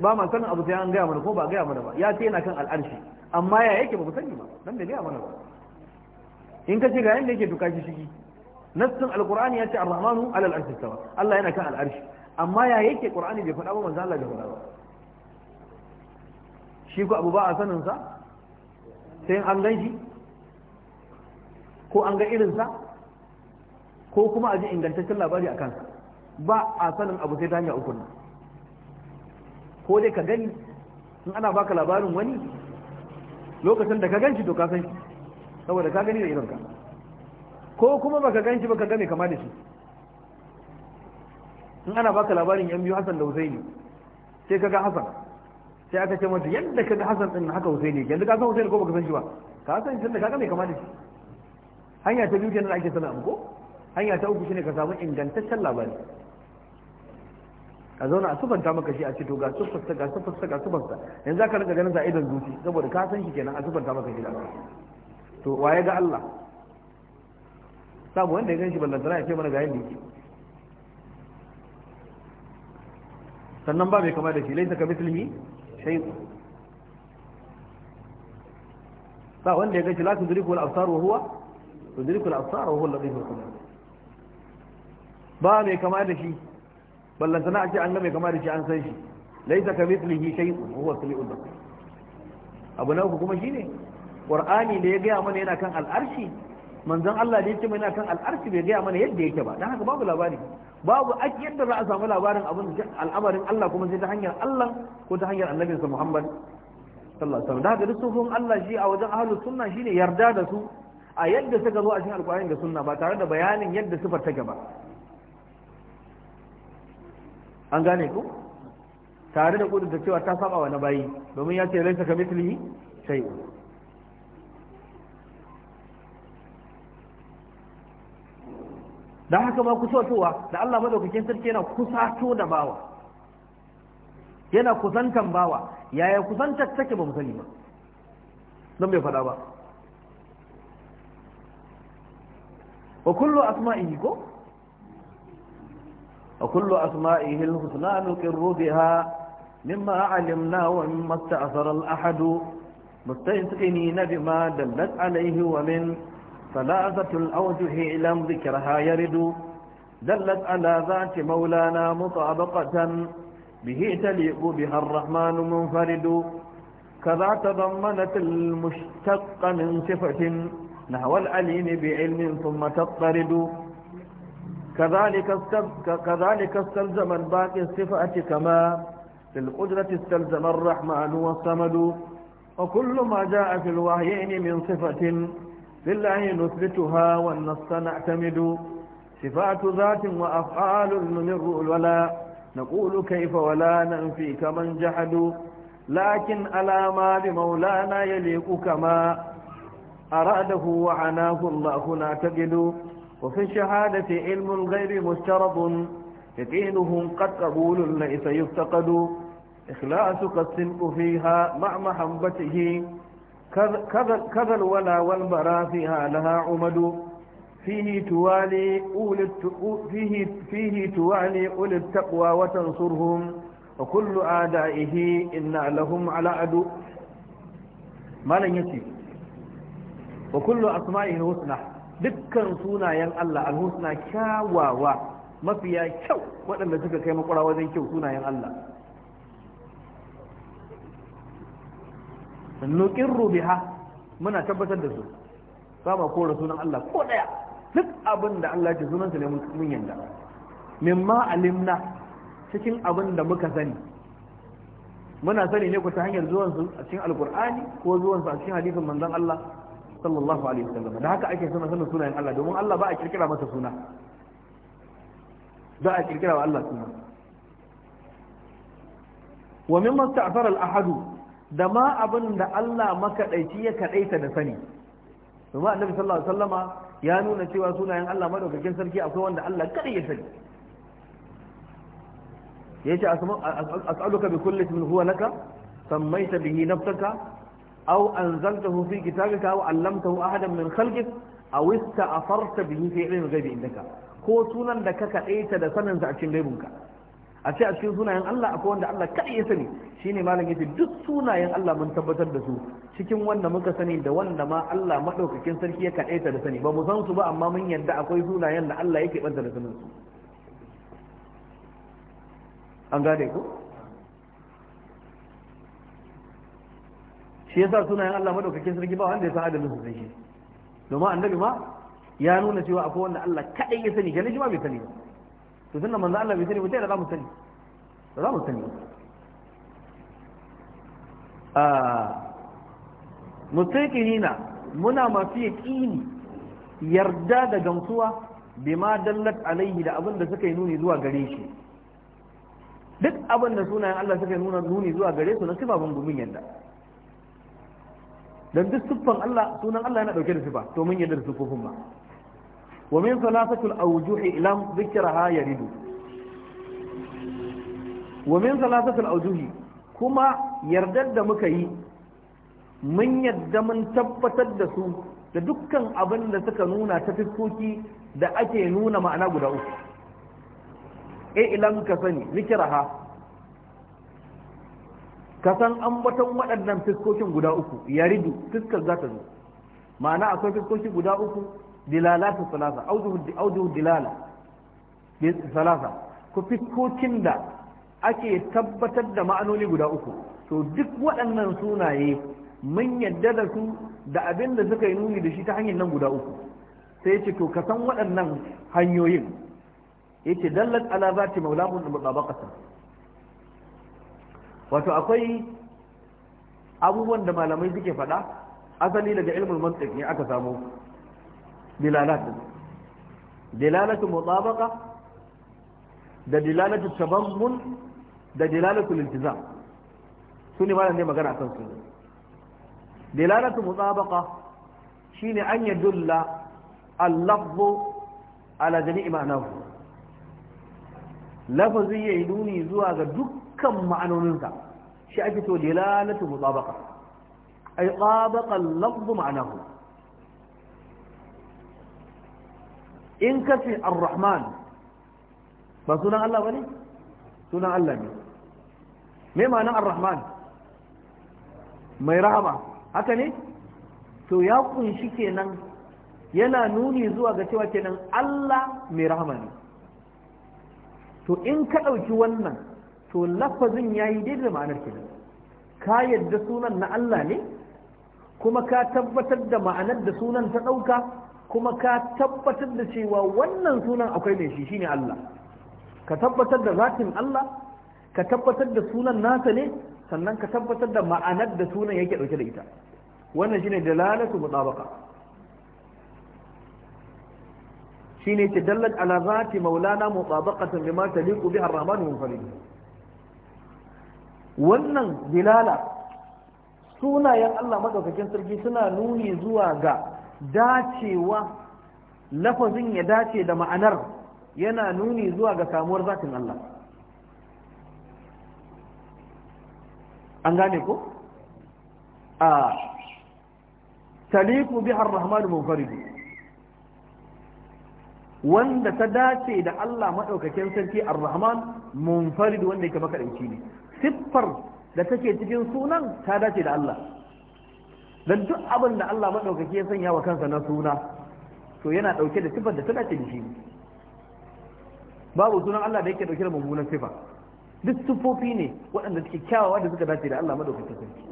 ba ma sanin abu sai an gaya mana ko ba a gaya mana ba ya ce yana kan al'arshi amma yaya yake ba mu sani ba dan bai gaya mana ba in ka ce ga yanda yake duka shi shigi nassin alqur'ani ya ce ar-rahmanu alal arshi Allah yana kan al'arshi amma ya yake qur'ani bai faɗa ba manzo Allah bai faɗa ba shi ko abu ba a sanin sa sai an gan shi ko an ga irin sa ko kuma a ji ingantaccen labari a kansa ba a sanin abu sai ta hanyar uku ko dai ka gani in ana baka labarin wani lokacin da ka ganci to ka san shi saboda ka gani da ka ko kuma baka ganshi baka ga mai kama da shi in ana baka labarin yan biyu Hassan da Husaini sai kaga Hassan sai aka ce mata yadda kaga Hassan din haka Husaini yanzu ka san Husaini ko baka san shi ba ka san shi da ka game kama da shi hanya ta biyu kenan ake sana ko hanya ta uku shine ka samu ingantaccen labari a zauna a sufanta maka shi a ce to ga sufasta ga sufasta ga sufasta yanzu ka riga ganin sa idan zuci saboda ka san shi kenan a sufanta maka shi labari to waye ga Allah samu wanda ya gan shi ballantana ya ce mana gayan da yake sannan ba mai kama da shi laisa ka mislihi shai ba wanda ya gan shi lati al-absar wa huwa tudriku al-absar wa huwa al-latif al ba mai kama da shi ballantana a ce an ga mai kama da shi an san shi laisa ka mislihi shai wa huwa sami'ul basir abu na uku kuma shine qur'ani da ya gaya mana yana kan al'arshi manzon Allah da yake mai kan al'arshi bai gaya mana yadda yake ba dan haka babu labari babu ak yadda za a samu labarin abin al'amarin Allah kuma sai ta hanyar Allah ko ta hanyar annabinsa Muhammad sallallahu alaihi wasallam da haka duk sufin Allah shi a wajen ahlus sunna shine yarda da su a yadda suka zo a cikin alƙur'ani da sunna ba tare da bayanin yadda sifar ta gaba an gane ku tare da kudin cewa ta saba wa na bayi domin ya ce laisa kamithlihi shay'un don haka ma kusatowa da Allah madaukakin sarki yana kusato da bawa yana kusantan bawa yaya kusantar take ba mu ba don bai faɗa ba wa kullu asma'ihi ko wa kullu asma'ihi al-husna nuqirru biha mimma a'lamna wa mimma ta'athara al-ahad mustaqini bima dallat alayhi wa min ثلاثة الأوجه إلى ذكرها يرد دلت على ذات مولانا مطابقة به تليق بها الرحمن منفرد كذا تضمنت المشتق من صفة نحو العليم بعلم ثم تطرد كذلك كذلك استلزم الباقي الصفة كما في القدرة استلزم الرحمن والصمد وكل ما جاء في الوهيين من صفة لله نثبتها والنص نعتمد صفات ذات وأفعال نمر ولا نقول كيف ولا ننفي كمن جحدوا لكن ألا ما بمولانا يليق كما أراده وعناه الله نعتقد وفي الشهادة علم الغير مشترط يقينه قد قبول ليس يفتقد إخلاصك الصدق فيها مع محبته كذا الولا والبرا فيها لها عمد فيه توالي أولي فيه فيه توالي أولي التقوى وتنصرهم وكل أعدائه إنا لهم على عدو ما لن يتي وكل أسمائه الحسنى dukkan sunayen Allah alhusna kyawawa mafiya kyau waɗanda كيما قرى makwara كاو kyau sunayen الله nuqirru biha muna tabbatar da su ba ma kora sunan Allah ko daya duk abin da Allah ya sunansa ne mun yanda mimma alimna cikin abin da muka sani muna sani ne ku ta hanyar zuwan su a cikin alqur'ani ko zuwan su a cikin hadisin manzon Allah sallallahu alaihi wasallam da haka ake sanin sanin sunayen Allah domin Allah ba a kirkira masa suna ba a kirkira wa Allah suna wa mimma sta'thara al-ahadu da ma abin da Allah makaɗaici ya kaɗaita da sani domin annabi sallallahu alaihi wasallama ya nuna cewa sunayen Allah madaukakin sarki akwai wanda Allah kadai ya sani ya ce as'aluka bi kulli ismin huwa laka sammaita bihi nafsaka aw anzaltahu fi kitabika aw allamtahu ahadan min khalqik aw ista'farta bihi fi ilmi ghaibi indaka ko sunan da ka kaɗaita da sanin a cikin gaibinka a ce a cikin sunayen Allah akwai wanda Allah kai ya sani shine malam yace duk sunayen Allah mun tabbatar da su cikin wanda muka sani da wanda ma Allah madaukakin sarki ya kaɗaita da sani ba mu san su ba amma mun yadda akwai sunayen da Allah yake banta da sunan su an gane ku shi yasa sunayen Allah madaukakin sarki ba wanda ya san adalin su sai shi domin annabi ma ya nuna cewa akwai wanda Allah kaɗai ya sani ga shi ma bai sani ba to tunda manzo Allah bai sani ba sai da za mu sani da za mu sani a ah, mutaqinina muna masu yaqini yarda da gamsuwa bima dallat alaihi da abin da suka yi nuni zuwa gare shi duk abin da sunayen Allah suka yi nuni zuwa gare su na sifa ban gumin yadda dan duk siffan Allah sunan Allah yana dauke da sifa to mun yadda da sifofin ba ومن min salasatul awjuhi ذكرها dhikraha ومن wa min كما يردد kuma yardar da muka yi mun yadda mun tabbatar da su da dukkan abinda suka nuna ta fiskoki da ake nuna ma'ana guda uku e ilan ka sani zikiraha ka san ambaton waɗannan fiskokin guda uku yaridu fiskar za ta zo ma'ana akwai fiskoki guda uku dilalatu salasa aujuhu dilala salasa ku fiskokin da ake tabbatar da ma'anoni guda uku to duk waɗannan sunaye mun yadda da su da abin da suka yi nuni da shi ta hanyar nan guda uku sai ce to ka san waɗannan hanyoyin yace dallat ala zati maulamun mutabaqata wato akwai abubuwan da malamai suke faɗa asali daga ilmul mantiq ne aka samo. dilalat dilalatu mutabaqa da dilalatu tabammun da dilalatu iltizam su ne malam ne magana kan su dilalatu mutabaqa shine an yadulla al-lafzu ala jami'i ma'nahu lafazi yi nuni zuwa ga dukkan ma'anoninsa shi ake to dilalatu mutabaqa ay tabaqa al-lafzu ma'nahu in ka ce arrahman ba sunan Allah ba ne? sunan Allah ne me ma'anin arrahman mai rahama haka ne? to ya kunshi kenan yana nuni zuwa ga cewa kenan Allah mai rahama ne to in ka ɗauki wannan to lafazin ya yi daidai da ma'anar kenan ka yadda sunan na Allah ne kuma ka tabbatar da ma'anar da sunan ta ɗauka kuma ka tabbatar da cewa wannan sunan akwai ne shi shine Allah ka tabbatar da zatin Allah ka tabbatar da sunan nasa ne sannan ka tabbatar da ma'anar da sunan yake dauke da ita wannan shine dalalatu mutabaqa shine ke dallat ala zati maulana mutabaqatan bima taliqu biha ar-rahman munfarid wannan dilala sunayen Allah madaukakin sarki suna nuni zuwa ga dacewa lafazin ya dace da ma'anar yana nuni zuwa ga samuwar zatin Allah an gane ko a taliku bihar rahmanu munfaridu wanda ta dace da Allah maɗaukakin sarki ar-rahman munfarid wanda yake makaɗanci ne siffar da take cikin sunan ta dace da Allah dan duk abin da Allah maɗaukaki ya sanya wa kansa na suna to yana dauke da sifar da ta dace da shi babu sunan Allah da yake dauke da mummunan sifa duk sifofi ne waɗanda suke kyawawa da suka dace da Allah madaukakin sarki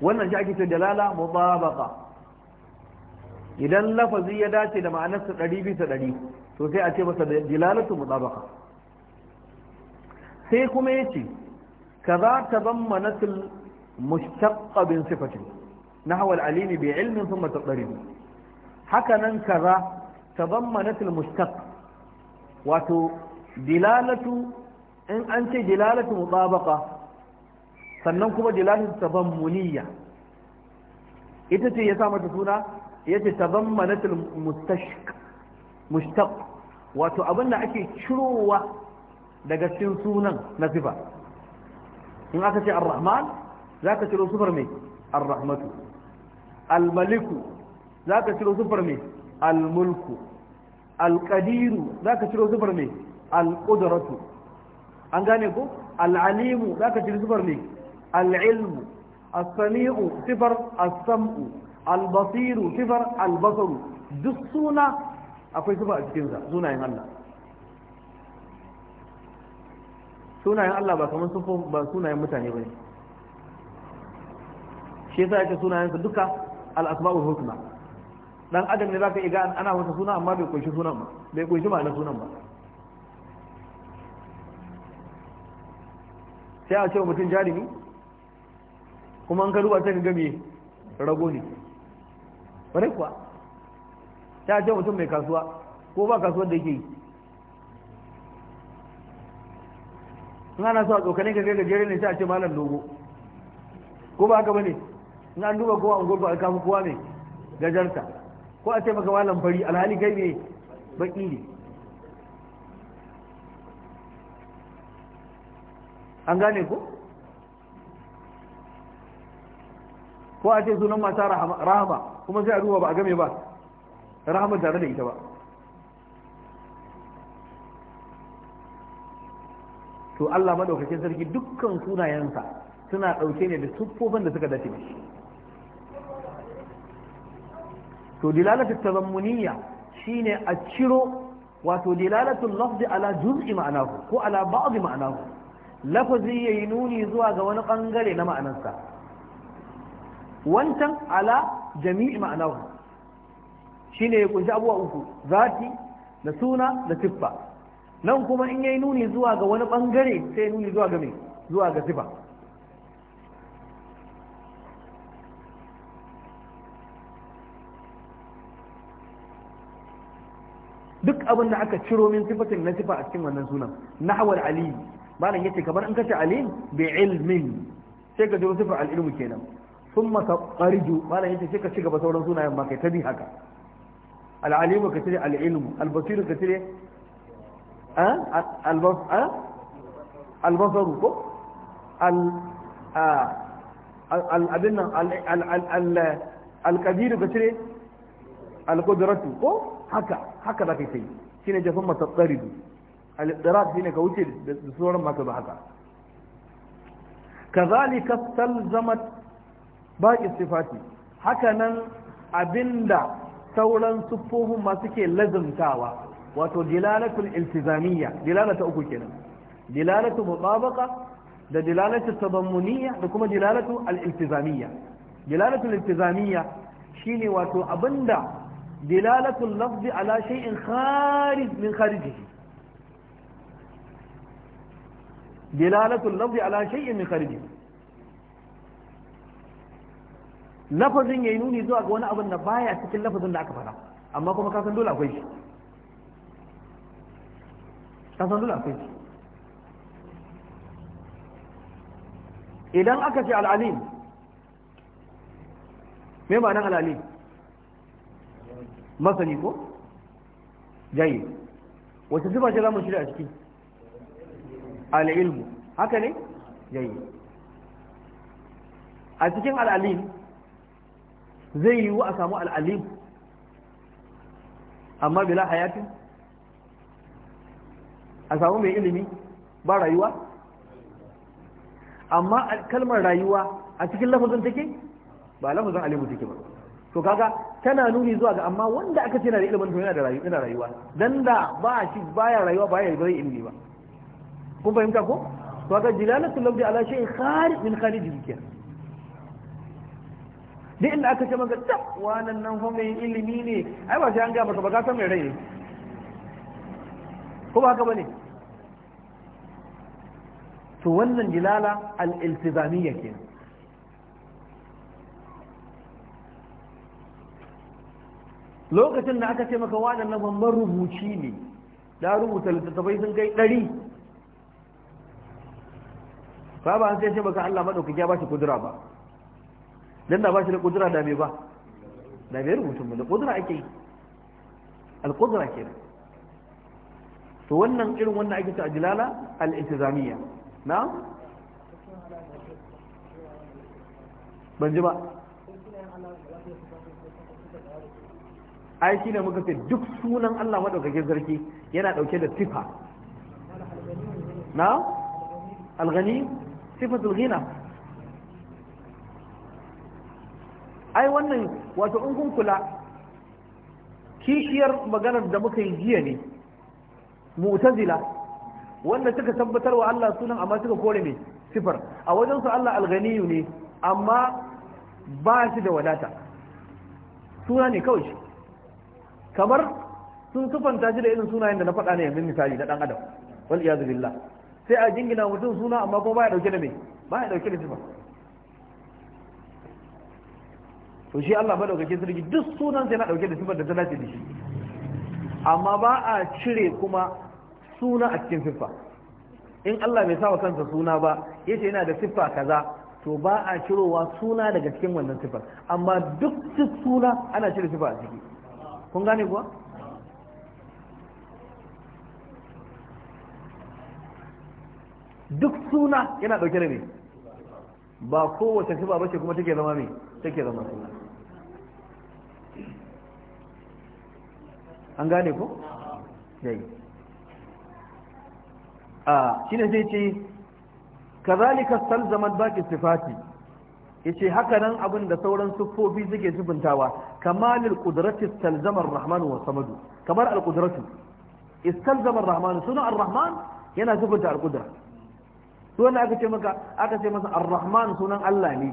wannan shi ake cewa dalala mutabaqa idan lafazi ya dace da sa ɗari bisa ɗari to sai a ce masa dalalatu mutabaqa sai kuma yace kaza tabammanatul mushtaqqa bin sifatihi نحو العليم بعلم ثم تضرب هكذا كذا تضمنت المشتق وتو دلالة إن أنت دلالة مطابقة sannan kuma dilalin tabammuniya ita ce ya sa mata suna ya ce tabammanatul mushtaq wato abin ake cirowa daga cikin sunan nasifa in aka ce ar za ka ciro sufar mai ar-rahmatu almaliku za ka ciro sufar mai almulku alƙadiru za ka ciro sufar mai alƙudaratu an gane ko al'alimu za ka ciro sufar mai al'ilmu as-sami'u sifar as-sam'u al-basiru sifar al-basaru duk suna akwai sifa a cikinsa sunayen Allah sunayen Allah ba kamar sufo ba sunayen mutane ba ne shi yasa yake sunayensa duka al’asma’ul asmaul husna dan adam ne zaka iga ana wata suna amma bai kunshi sunan ba bai kunshi ma'anar sunan ba sai a ce mutum jarumi kuma an ka ta sai ga me rago ne bare kuwa sai a ce mutum mai kasuwa ko ba kasuwar da yake yi in ana so a tsokane ka ga gajere ne sai a ce malam dogo ko ba haka bane in an duba kowa unguwar ba a kafa kowa ne gajarta ko a ce maka malam lambari alhali kai ne baki ne an gane ko ko a ce sunan mata rahama kuma sai a duba ba a game ba rahama tare da ita ba to Allah madaukakin sarki dukkan sunayensa suna ɗauke ne da siffofin da suka dace da shi to dilalatu tazammuniyya shine a ciro wato dilalatu lafzi ala juz'i ma'anahu ko ala ba'dhi ma'anahu lafazi yayi nuni zuwa ga wani bangare na ma'anarsa wancan ala jami'i ma'anahu shine ya kunshi abubuwa uku zati da suna da siffa nan kuma in yayi nuni zuwa ga wani bangare sai nuni zuwa ga me zuwa ga abin da aka ciro min sifatin na sifa a cikin wannan sunan nahwal ali malam yace kamar an kace alim bi ilmin sai ka jiro sifa al ilmu kenan thumma taqarju malam yace sai ka ci gaba sauran sunayen ma kai ta bi haka al alim ka tire al ilmu al basir ka tire a al bas a al basar ko al al al al al al ka tire al qudratu ko haka haka za ka yi shi ne jafin masa tsaridu al shi ne ka wuce da sauran masu ba haka kazalika talzamat baqi sifati haka nan abinda sauran sufofin masu ke lazantawa wato dilalatul iltizamiyya dilalata uku kenan dilalatu mutabaqa da dilalatu tadammuniyya da kuma dilalatu al-iltizamiyya dilalatu iltizamiyya shine wato abinda dilalatul lafzi ala shay'in kharij min kharijihi dilalatul lafzi ala nuni zuwa ga wani abin da baya cikin lafazin da aka fara amma kuma ka san dole akwai shi idan aka ce al'alim me ma'anar al'alim masani ko jayi wata zuba ce za mu shirya a ciki al'ilmu haka ne jayi a cikin al'alim zai yiwu a samu al'alim amma bila hayatin a samu mai ilimi ba rayuwa amma kalmar rayuwa a cikin lafazin take ba lafazin alimu take ba to kaga tana nuni zuwa ga amma wanda aka ce na da ilimin to yana da rayuwa yana rayuwa dan da ba shi baya rayuwa ya da ilimi ba kun fahimta ko to kaga jilalatul lafzi ala shay kharij min kharij dhikr dai inda aka ce maka tab wannan nan fa mai ilimi ne ai ba sai an ga ba ba ka san mai rai ne ko ba haka bane to wannan jilala al-iltizamiyya kenan lokacin da aka ce maka wannan na rubuci ne da rubuta littattafai sun kai ɗari ba ba sai ce maka Allah maɗauki ya ba shi kudura ba don da ba shi da kudura da me ba da me rubutun ba da kudura ake yi al-kudura kenan to wannan irin wannan ake ta Jilala al-intizamiyya na ban ji ba ai shi ne muka ce duk sunan Allah maɗaukakin sarki yana ɗauke da sifa na alghani sifatul ghina ai wannan wato in kun kula kishiyar maganar da muka yi jiya ne mu'tazila wanda suka tabbatar wa Allah sunan amma suka kore ne sifar a wajen su Allah alganiyu ne amma ba shi da wadata suna ne kawai kamar sun sufanta shi da irin sunayen da na faɗa ne yanzu misali na ɗan adam wal iyazu billah sai a jingina mutum suna amma ko baya dauke da me baya dauke da sifa to shi Allah madaukakin sarki duk sunan sai na dauke da sifar da ta dace da shi amma ba a cire kuma suna a cikin siffa in Allah bai sawa kansa suna ba yace yana da siffa kaza to ba a cirowa suna daga cikin wannan siffar amma duk duk suna ana cire siffa a ciki kun gane kuwa duk suna yana dauke da ne ba kowace shi ba ce kuma take zama ne take zama suna an gane ku? dai a shi ne sai ce sal zaman baki sifati yace haka nan abin da sauran sufofi suke zubuntawa kamalul qudrati istalzama ar-rahman wa samadu kamar al-qudratu istalzama ar-rahman suna ar-rahman yana zubunta al-qudra to wannan aka ce maka aka ce masa ar-rahman sunan Allah ne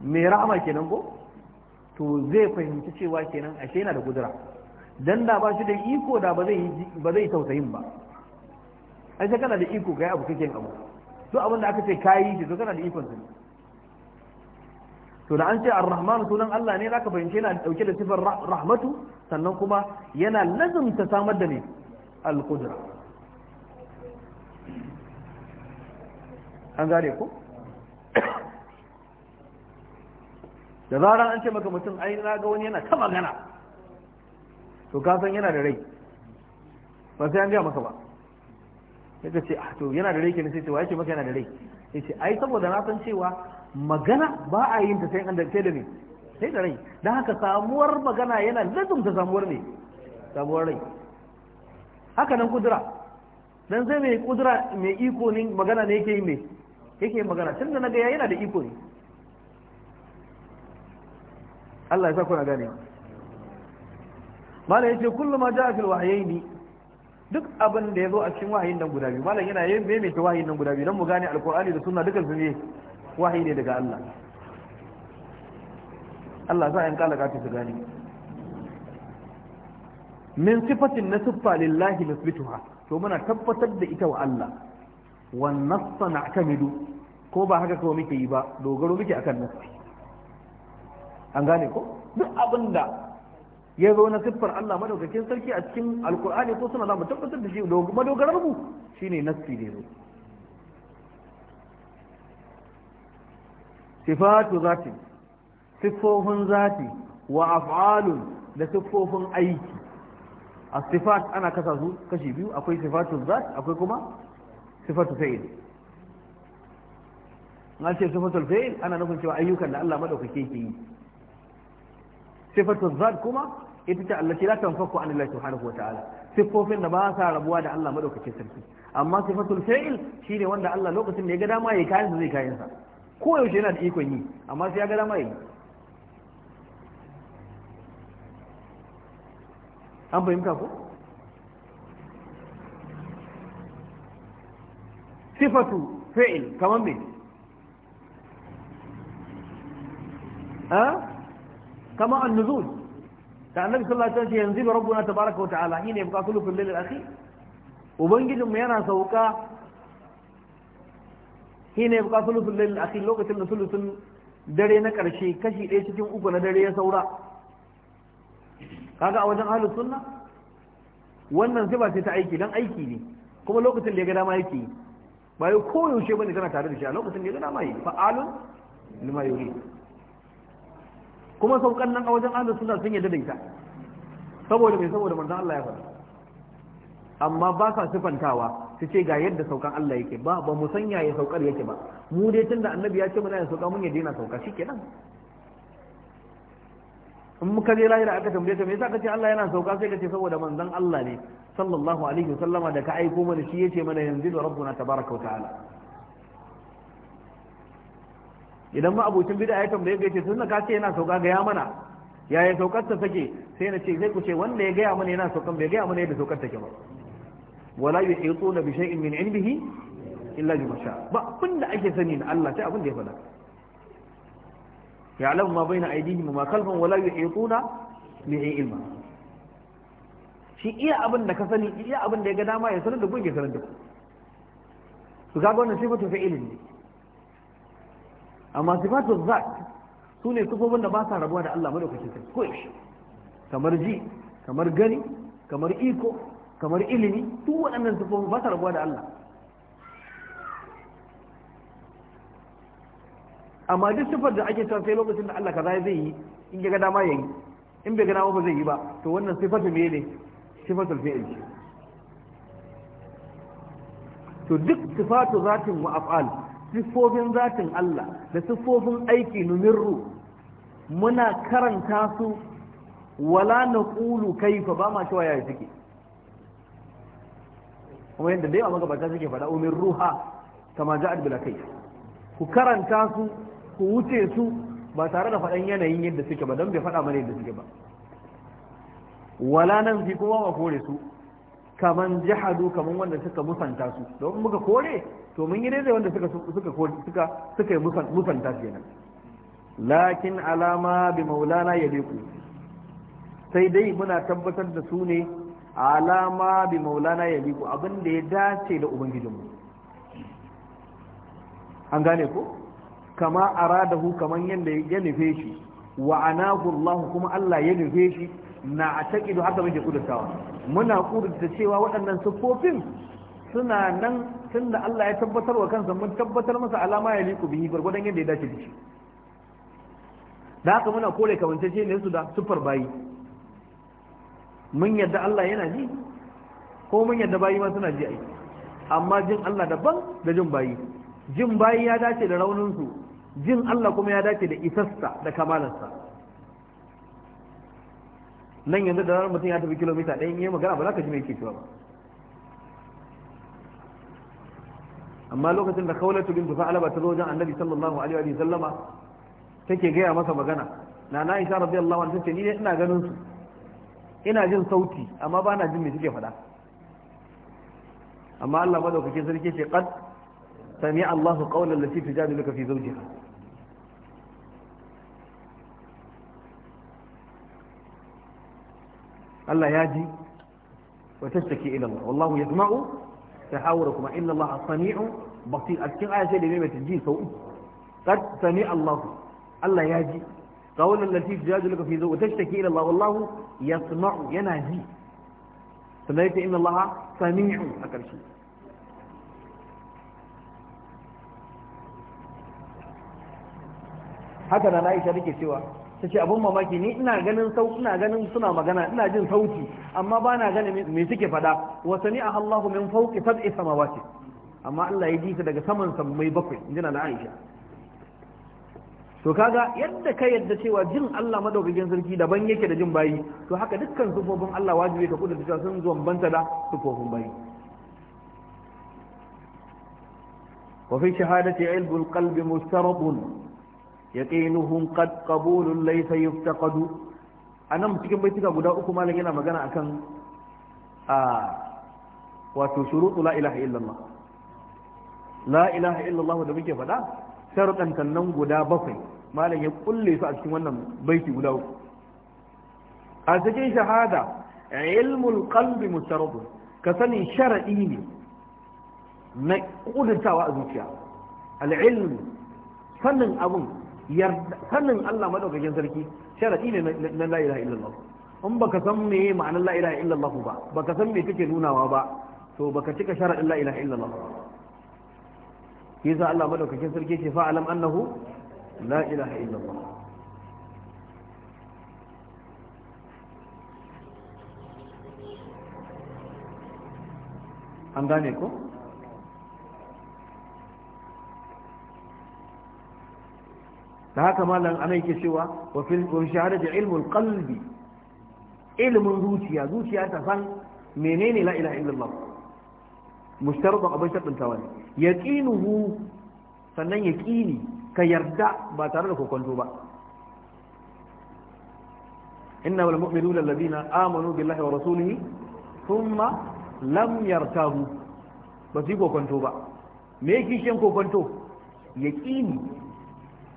mai rahama kenan ko to zai fahimci cewa kenan ashe yana da kudura dan da ba shi da iko da ba zai ba zai tausayin ba ai kana da iko kai abu kake abu to abin da aka ce kayi shi to kana da ikon sa to da an ce ar-rahman sunan Allah ne zaka fahimce yana dauke da sifar rahmatu sannan kuma yana lazumta samar da ne al-qudra an gane ku? da zaran an ce maka mutum ai na ga wani yana ta magana to ka san yana da rai ba sai an gaya maka ba ya ce ah, to yana da rai kenan sai ce wa yake maka yana da rai ya ce ai saboda na san cewa magana ba a yin ta sai an dace da ni, sai da rai don haka samuwar magana yana ta samuwar ne samuwar rai haka nan kudura dan zai mai kudura mai iko ne magana ne yake yi ne yake magana tun da naga yana da iko ne Allah ya sa kuna gane malam yace kullu ma jaa fil wahyaini duk abin da yazo a cikin wahayin nan guda biyu malam yana yin maimaita wahayin nan guda biyu dan mu gane alqur'ani da sunna dukan su ne wahayi ne daga Allah Allah za a yanka alaƙa su gani min sifatin na siffa lillahi nasbituha to muna tabbatar da ita wa Allah wan nassa na'tamidu ko ba haka kawai muke yi ba dogaro muke akan nassi an gane ko duk abinda ya zo na siffar Allah madaukakin sarki a cikin alkur'ani ko suna za mu tabbatar da shi madogarar mu shine nassi ne zo sifatu zati siffofin zati wa af'alun da siffofin aiki a sifat ana kasa su kashi biyu akwai sifatu zat akwai kuma sifatu fa'il na ce sifatu fa'il ana nufin cewa ayyukan da Allah madaukake ke yi sifatu zat kuma ita ce Allah ce la tanfaku an Allah subhanahu wa ta'ala siffofin da ba sa rabuwa da Allah madaukake sarki amma sifatu fa'il shine wanda Allah lokacin da ya ga dama ya kayan sa zai kayan sa koyaushe yaushe yana da ikon yi amma sai ya ga dama yi an fahimta ko sifatu fa'il kaman me ha kama an-nuzul ta annabi sallallahu alaihi wasallam yanzu rabbuna tabaaraka wa ta'ala hina yabqa kullu fil layl al Ubangijin ubangijinmu yana sauka hina yabqa thuluthul layl al-akhir lokacin da sulusun dare na ƙarshe kashi ɗaya cikin uku na dare ya saura kaga a wajen ahlus sunna wannan ba sai ta aiki dan aiki ne kuma lokacin da ya ga dama yake ba yau ko yaushe bane tana tare da shi a lokacin da ya ga dama yi fa'alun lima yuri kuma saukan nan a wajen ahlus sunna sun yadda da ita saboda mai saboda manzon Allah ya faɗa amma ba sa sifantawa su ce ga yadda saukan Allah yake ba ba mu san yaya saukar yake ba mu dai tunda annabi ya ce muna ya sauka mun ya daina sauka shikenan in muka je lahira aka tambaye ta me yasa kace Allah yana sauka sai kace saboda manzon Allah ne sallallahu alaihi wasallama da ka aiko mana shi yace mana yanzu da rabbuna tabaraka wa ta'ala idan ma abokin bid'a ya tambaye ka yace sunna ka ce yana sauka ga ya mana yaya saukar ta take sai na ce zai ku ce wanda ya gaya mana yana saukan bai gaya mana yadda saukar take ba wala yuhituna bi shay'in min ilmihi illa bima sha ba abin da ake sani Allah sai abin da ya faɗa ya'lamu ma baina aydihim ma khalfan wala yuhituna bihi ilma shi iya abin da ka sani iya abin da ya ga dama ya sanar da ku sanar da ku su ga wannan sifatu fi'ilin amma sifatu ba sa rabuwa da Allah ko kamar ji kamar gani kamar iko kamar ilimi duk waɗannan sifofin ba sa rabuwa da Allah amma duk siffar da ake cewa sai lokacin da Allah kaza zai yi in ga dama yayi in bai ga dama ba zai yi ba to wannan sifatu me ne sifatul fi'l ce to duk sifatu zatin wa af'al sifofin zatin Allah da sifofin aiki numirru muna karanta su wala naqulu kaifa ba ma cewa yaya suke kuma yadda da yawa magabata suke faɗa umin ruha kama ja'ad bila kai ku karanta su ku wuce su ba tare da faɗan yanayin yadda suke ba don bai faɗa mana yadda suke ba wala nan fi kowa ba kore su kaman jihadu kaman wanda suka musanta su don muka kore to mun yi daidai wanda suka suka suka suka yi musanta su kenan lakin alama bi maulana ya sai dai muna tabbatar da su ne alama bi maulana ya ku abin da ya dace da ubangijinmu an gane ku? kama aradahu kaman yadda ya nufe shi wa anahu Allah kuma Allah ya nufe shi na a haka muke kudurtawa muna kudurta cewa waɗannan siffofin suna nan tun da Allah ya tabbatar wa kansa mun tabbatar masa alama ya liku bihi gwargwadon yadda ya dace da shi da haka muna kore kawance ne su da siffar bayi mun yadda Allah yana ji ko mun yadda bayi ma suna ji ai amma jin Allah daban da jin bayi jin bayi ya dace da rauninsu jin Allah kuma ya dace da isassa da kamalarsa nan yanzu da ranar mutum ya tafi kilomita ɗaya in yi magana ba za ka ji mai cewa ba amma lokacin da kaulatu bin tufa alaba ta zo wajen annabi sallallahu alaihi wa sallama take gaya masa magana na na isa radiyallahu anha ce ni ne ina ganin su ina jin sauti amma ba na jin me suke faɗa amma Allah madaukakin sarki ce qad sami Allahu qawlan lati tujadiluka fi zawjiha Allah ya ji wa tashtaki ila Allah wallahu yasma'u tahawurakum illa Allah sami'u basir a cikin aya sai da mai ji sau qad sami Allahu Allah ya ji قول التي تجادلك في ذو وتشتكي إلى الله والله يسمع يناجي سمعت إن الله سميع أكل شيء haka na Aisha take cewa tace abin mamaki ni ina ganin sau ina ganin suna magana ina jin sauti amma ba na ganin me suke fada wa sami'a Allah min fawqi sab'i samawati amma Allah ya ji ta daga saman mai bakwai injina na Aisha to kaga yadda ka yadda cewa jin Allah madaukakin sarki daban yake da jin bayi to haka dukkan sufofin Allah wajibi ka kudin cewa sun banta da sufofin bayi wa fi shahadati ilmul qalbi mustarabun yaqinuhum qad qabulun laysa yuftaqadu anan cikin baituka guda uku malamin yana magana akan a wato shuruɗu la ilaha illallah la ilaha illallah da muke faɗa sharuɗan nan guda bakwai malam ya kulle su a cikin wannan baiti guda uku a cikin shahada ilmul qalbi mustarabun ka sani shar'i ne na kudurtawa a zuciya al-ilm sanin abun sanin Allah madaukakin sarki shar'i ne na la ilaha illallah in baka san me ma'anar la ilaha illallah ba baka san me kake nunawa ba to baka cika shar'in la ilaha illallah yasa Allah madaukakin sarki ce fa alam annahu la ilaha illallah an gane ko da haka malam ana yake cewa wa fil shahada da ilmul qalbi zuciya zuciya ta san menene la ilaha illallah mushtarba abin sannan ka yarda ba tare da kokonto ba inna wal mu'minuna alladhina amanu billahi wa rasulihi thumma lam yartahu ba su yi kokonto ba me yake shin kokonto yaqini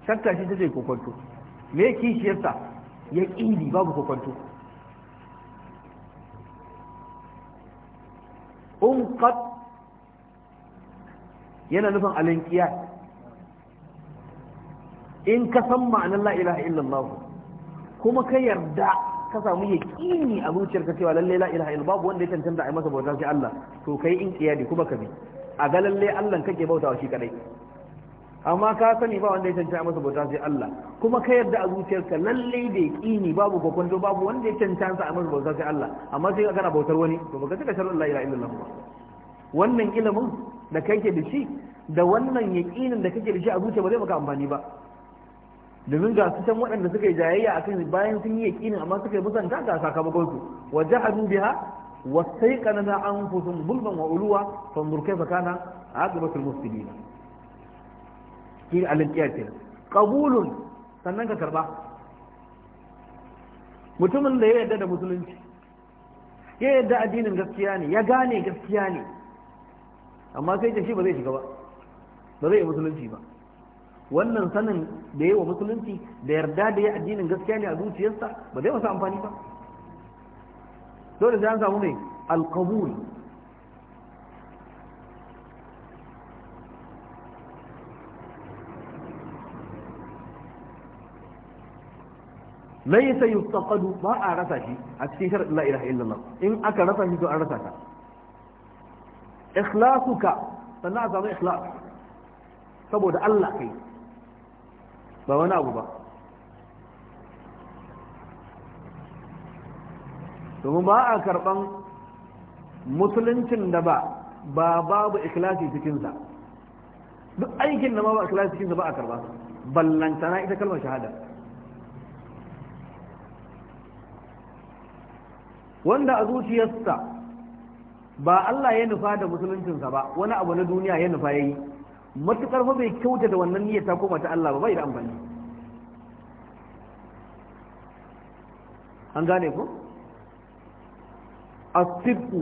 shakka shi take kokonto me yake shi yasa yaqini babu kokonto unqat yana nufin alinkiya in ka san ma'anar la ilaha illallah kuma ka yarda ka samu yaqini a zuciyarka cewa lalle la ilaha illallah babu wanda ya tantance ai masa bauta sai Allah to kai in kiyadi kuma ka bi a ga lalle Allah kake bautawa shi kadai amma ka sani ba wanda ya cancanta masa bauta sai Allah kuma ka yarda a zuciyarka lalle da yaqini babu kokonto babu wanda ya cancanta a masa bauta sai Allah amma sai ka kana bautar wani to baka cika sharru la ilaha illallah ba wannan ilimin da kake da shi da wannan yaqinin da kake da shi a zuciya ba zai maka amfani ba domin ga su can waɗanda suka yi jayayya akan bayan sun yi yaƙinin amma suka yi musanta ga sakamakon su wa jahadu biha wa sayqanna anfusum bulban wa uluwa fanzur kayfa kana aqibatul mufsidin ki al-qiyas qabulun sannan ka karba mutumin da ya yarda da musulunci ya yarda addinin gaskiya ne ya gane gaskiya ne amma sai ta shi ba zai shiga ba ba zai yi musulunci ba wannan sanin da yawa musulunci da yarda da ya addinin gaskiya ne a zuciyarsa ba zai wasu amfani ba dole sai an samu mai alkabul laisa yustaqadu ba a rasa shi a cikin sharadin la ilaha illallah in aka rasa shi to an rasa ka ikhlasuka sannan a samu ikhlas saboda Allah kai ba wani abu ba domin ba a karban musuluncin da ba ba babu ikilasi cikinsa duk aikin da ma ba ikilasi cikinsa ba a karɓa ballantana ita kalmar shahada wanda a zuciyarsa ba Allah ya nufa da musuluncinsa ba wani abu na duniya ya nufa ya yi matukar fa bai kyauta da wannan niyyar ta koma ta Allah ba bai da amfani an gane ku asibku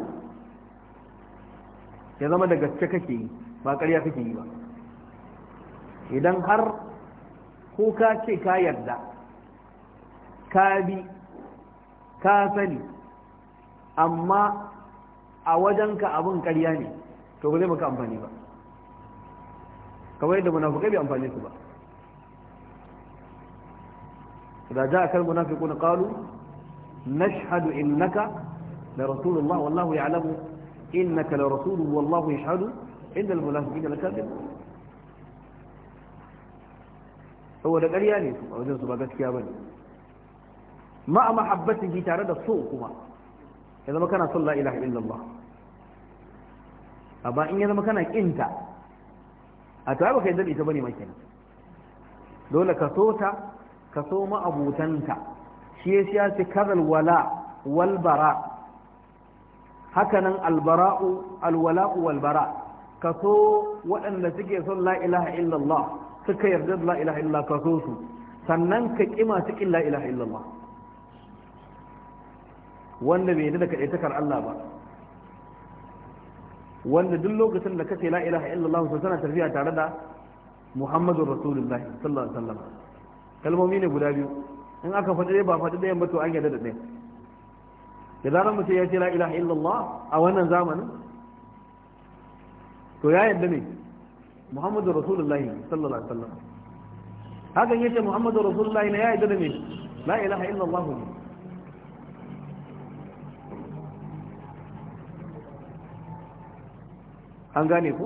ya zama da gaske kake yi ba ƙarya kake yi ba idan har ko ka ce ka yarda ka bi ka sani amma a wajenka abin ƙarya ne to ba zai maka amfani ba kamar yadda munafiqai bai amfani su ba da ja akal munafiquna qalu nashhadu innaka la rasulullah wallahu ya'lamu innaka la rasuluhu wallahu yashhadu inna al munafiqina lakadibun saboda ƙarya ne a wajen su ba gaskiya ba ne ma a mahabbatin ji tare da so kuma ya zama kana son la ilaha illallah amma in ya kana kinta a ta baka yadda ita bane maki dole ka so ta ka so ma'abutanta shi ya sha ce kazal wala wal bara hakanan albara'u alwala'u wal bara ka so waɗanda suke son la ilaha illallah suka yarda da la ilaha illallah ka so su sannan ka kima su kin la ilaha illallah wanda bai yarda da kaɗaitakar Allah ba wanda duk lokacin da kace la ilaha illallah to tana tafiya tare da muhammadur rasulullahi sallallahu alaihi wasallam kalmomi ne guda biyu in aka faɗi ba faɗi ɗayan ba to an yarda da ɗayan da zarar mutum ya ce la ilaha illallah a wannan zamanin to ya yarda ne muhammadur rasulullahi sallallahu alaihi wasallam hakan yace muhammadur rasulullahi ne ya yarda da me la ilaha illallah ne an gane ku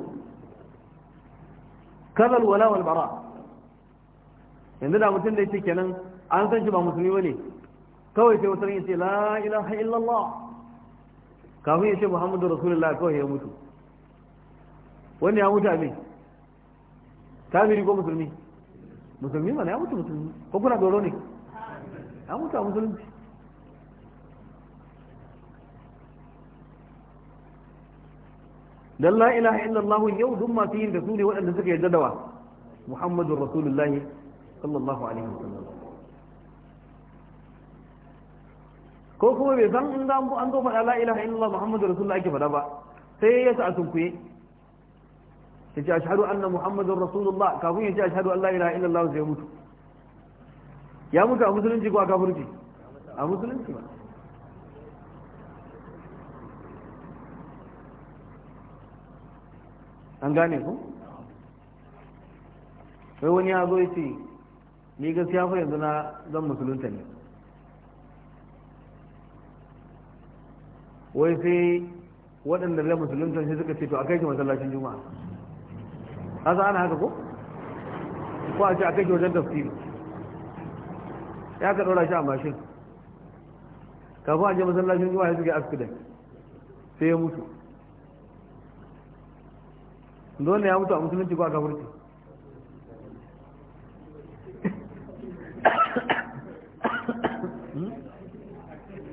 kazal wala wal bara yanzu da mutum da yake kenan an san shi ba musulmi bane kawai sai wata yace la ilaha illallah kafin ya ce muhammadu rasulullah kawai ya mutu Wani ya mutu a me kafiri ko musulmi musulmi ne, ya mutu musulmi ko kuna doro ne ya mutu a musulunci dan la ilaha illallah yau duk masu yin da su ne waɗanda suka yarda da wa sallallahu alaihi wasallam ko kuma bai san in an zo faɗa la ilaha illallah muhammadur rasulullahi ake faɗa ba sai ya sa a kuye ya ce ashhadu anna muhammadur rasulullah kafin ya ce ashhadu an la ilaha illallah sai ya mutu ya mutu a musulunci ko a kafirci a musulunci ba an gane ku sai wani ya zo ce ni gaskiya fa yanzu na zan musulunta ne wai sai waɗanda zai musulunta shi suka ce to a kai shi masallacin juma'a an ana haka ko ko a ce a kai shi wajen tafsiri ya ka ɗora shi a mashin kafin a je masallacin juma'a ya suke accident sai ya mutu dole ya mutu a musulunci ko a kafirci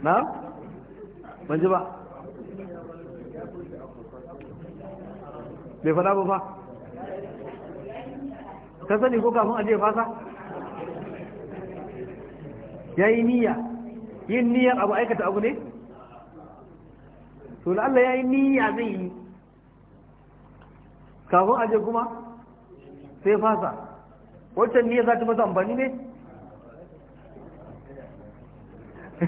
(coughs) na? ban ji ba bai faɗa ba ba ta sani ko kafin aje fasa ya yi niyya yin niyyar abu aikata abu ne? to Allah ya yi niyya zai yi kafin aje kuma sai fasa wacce ne za ta masa amfani ne (laughs)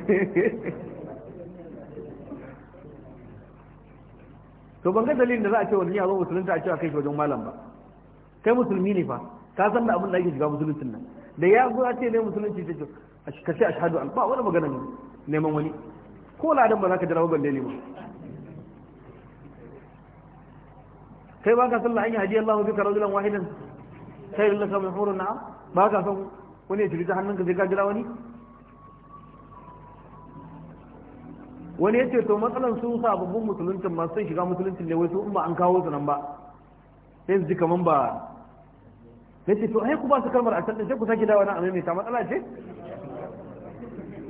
to ban ga dalilin da za a ce wani yazo musulunta a ce a kai shi wajen malam ba kai musulmi ne fa ka san da abin da ake shiga musuluncin nan da ya zo a ce ne musulunci ta ce ka ce ashhadu an ba wani magana ne neman wani ko ladan ba za ka jira balle ne ba kai ba ka sallah an yi hajiyar Allah bika rajulan wahidan sai laka min horon na'am ba ka son wani ya ciri ta hannunka sai ka jira wani wani ya ce to matsalan sa babban musuluncin masu sun shiga musuluncin ne wai su in ba an kawo su nan ba sai su ji kaman ba ya ce to ai ku ba su kalmar a can sai ku sake dawo na mai ta matsala ce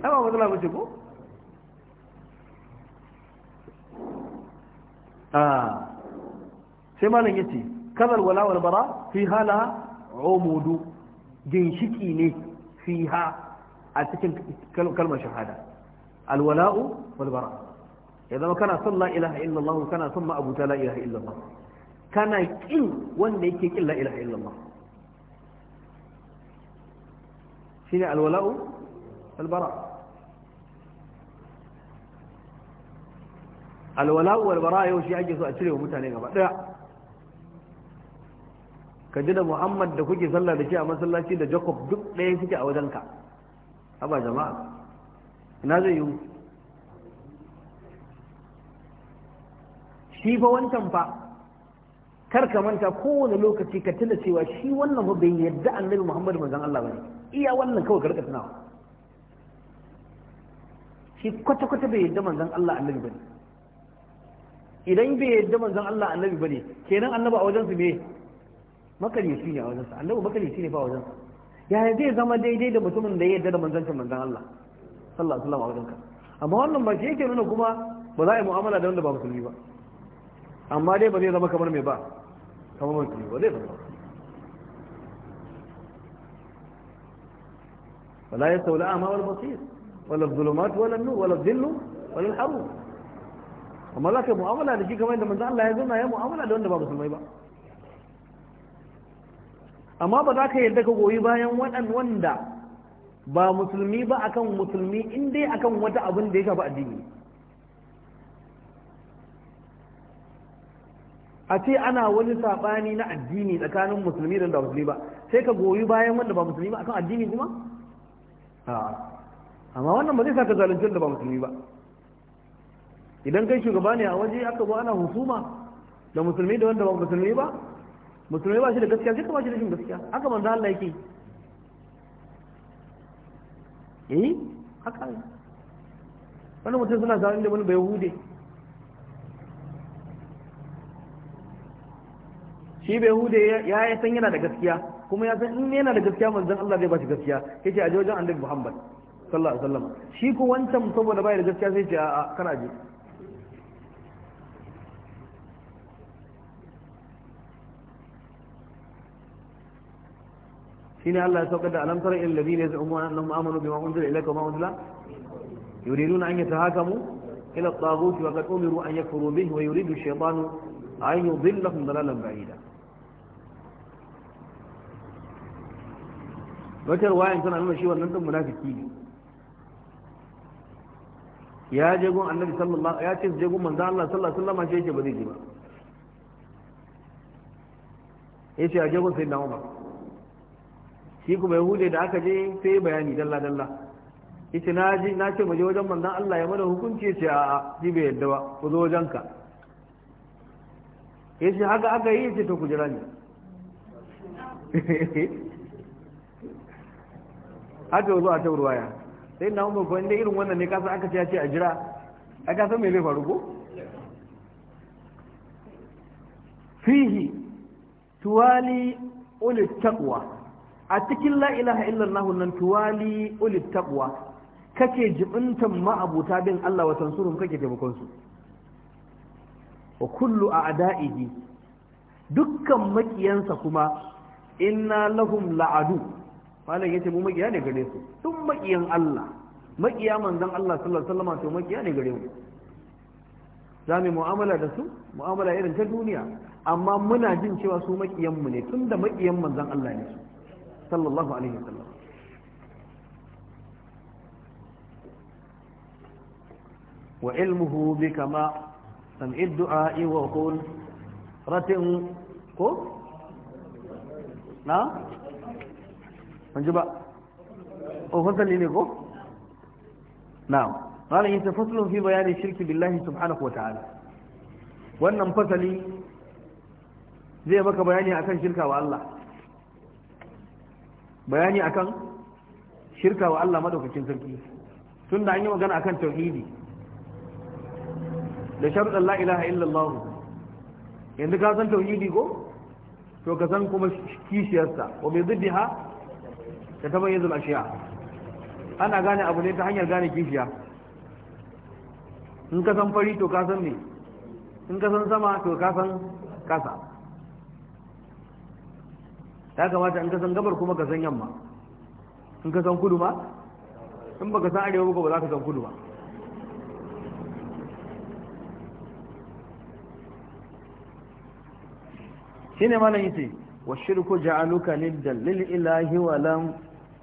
ai ba matsala ba ce ko ah sai malam yace kazal wala wal bara fi hala umudu ginshiki ne fiha a cikin kalmar shahada alwala'u wal bara ya zama kana son la ilaha illallah kana son ma abuta la ilaha illallah kana kin wanda yake kin la ilaha illallah shine alwala'u wal bara alwala'u wal bara yau shi ake so a cire wa mutane gaba daya ka ji da muhammad da kuke sallah da shi a masallaci da jacob duk ɗaya suke a wajenka haba jama'a Ina zai yi shi fa wancan fa kar ka manta kowane lokaci ka tuna cewa shi wannan fa bai yadda annabi muhammad manzon allah bane iya wannan kawai ka rika tunawa shi kwata-kwata bai yadda manzon allah annabi ne? idan bai yadda manzon allah annabi ne, kenan annabi a wajen su me makaryaci ne a wajen wajensa annabi makaryaci ne ba wajensa yaya zai zama daidai da mutumin da ya yarda da manzancin manzan Allah sallallahu alaihi wasallam a wajenka amma wannan ba shi yake nuna kuma ba za a yi mu'amala da wanda ba musulmi ba amma dai ba zai zama kamar mai ba kamar musulmi ba zai zama ولا يستوي الأعمى ولا البصير ولا الظلمات ولا النور ولا الظل ولا الحروب amma za ka yi mu'amala da shi kamar yadda manzo Allah ya zauna ya wanda ba musulmai ba amma ba za ka yarda ka goyi bayan waɗan wanda ba musulmi ba akan musulmi in dai akan wata abin da ya shafi addini a ce ana wani saɓani na addini tsakanin musulmi da musulmi ba sai ka goyi bayan wanda ba musulmi ba akan addini kuma amma wannan ba zai sa ka zalunci da ba musulmi ba idan kai shugaba ne a waje aka ba ana husuma da musulmi da wanda ba musulmi ba musulmi ba shi da gaskiya sai ka ba shi jin gaskiya haka manzo Allah yake eh haka wannan mutum suna zaune da wani bai hude shi bai hude ya ya san yana da gaskiya kuma ya san in yana da gaskiya manzon Allah zai ba shi gaskiya yace a wajen annabi Muhammad sallallahu alaihi wasallam shi ko wancan saboda bai da gaskiya sai ce a kana je shine Allah ya saukar da alam tara ilal ladina yaz'umuna annahum amanu bima unzila ilayka wa ma unzila yuriduna an yatahakamu ila at-taghut wa qad umiru an yakfuru bihi wa yuridu ash-shaytanu an yudillahum dalalan ba'ida wata ruwayan tana nuna shi wannan din munafiki ne ya je gun annabi sallallahu ya ce je gun manzo Allah sallallahu alaihi wasallam shi yake ba zai je ba yace a je gun sayyidina Umar shi kuma yahude da aka je sai bayani dalla dalla ita na ji na ce mu je wajen manzon Allah ya mana hukunci a a ji bai yadda ba ku zo wajen ka yace haka aka yi yace to ku jira ni (laughs) Haka zo a ta ruwaya sai na umar ko inda irin wannan ne kasa aka ce ya ce a jira a kasa me zai faru ko fihi tuwali ulit taqwa a cikin la ilaha illallah nan tuwali ulit taqwa kake jibintan ma'abuta bin Allah wa tansurum kake taimakon su wa kullu a'da'ihi dukkan makiyansa kuma inna lahum la'adu malam yace mu makiya ne gare su tun makiyan Allah makiya manzon Allah sallallahu alaihi wasallam to makiya ne gare mu za mu mu'amala da su mu'amala irin ta duniya amma muna jin cewa su makiyan mu ne tunda makiyan manzon Allah ne su sallallahu alaihi wasallam wa ilmuhu bika ma sam'i du'a wa qul ratin ko na ban ji ba o oh, fasali قال إن تفصل في بيان الشرك بالله سبحانه وتعالى وأن انفصلي zai maka bayani akan shirka wa Allah bayani akan shirka wa Allah madaukakin sarki tun da an yi magana akan tauhidi da sharuɗan la ilaha illallah yanzu ka san tauhidi ko to ka san kuma kishiyarsa wa mai ziddiha ta tabayyazul ashiya ana gane abu ne ta hanyar gane kishiya in ka san fari to ka san ne in ka san sama to ka san kasa ta kamata in ka san gabar kuma ka san yamma in ka san kudu ma in ka san arewa ba ba za ka san kudu ba shi ne malam yace wa shirku ja'aluka lil dalil ilahi wa lam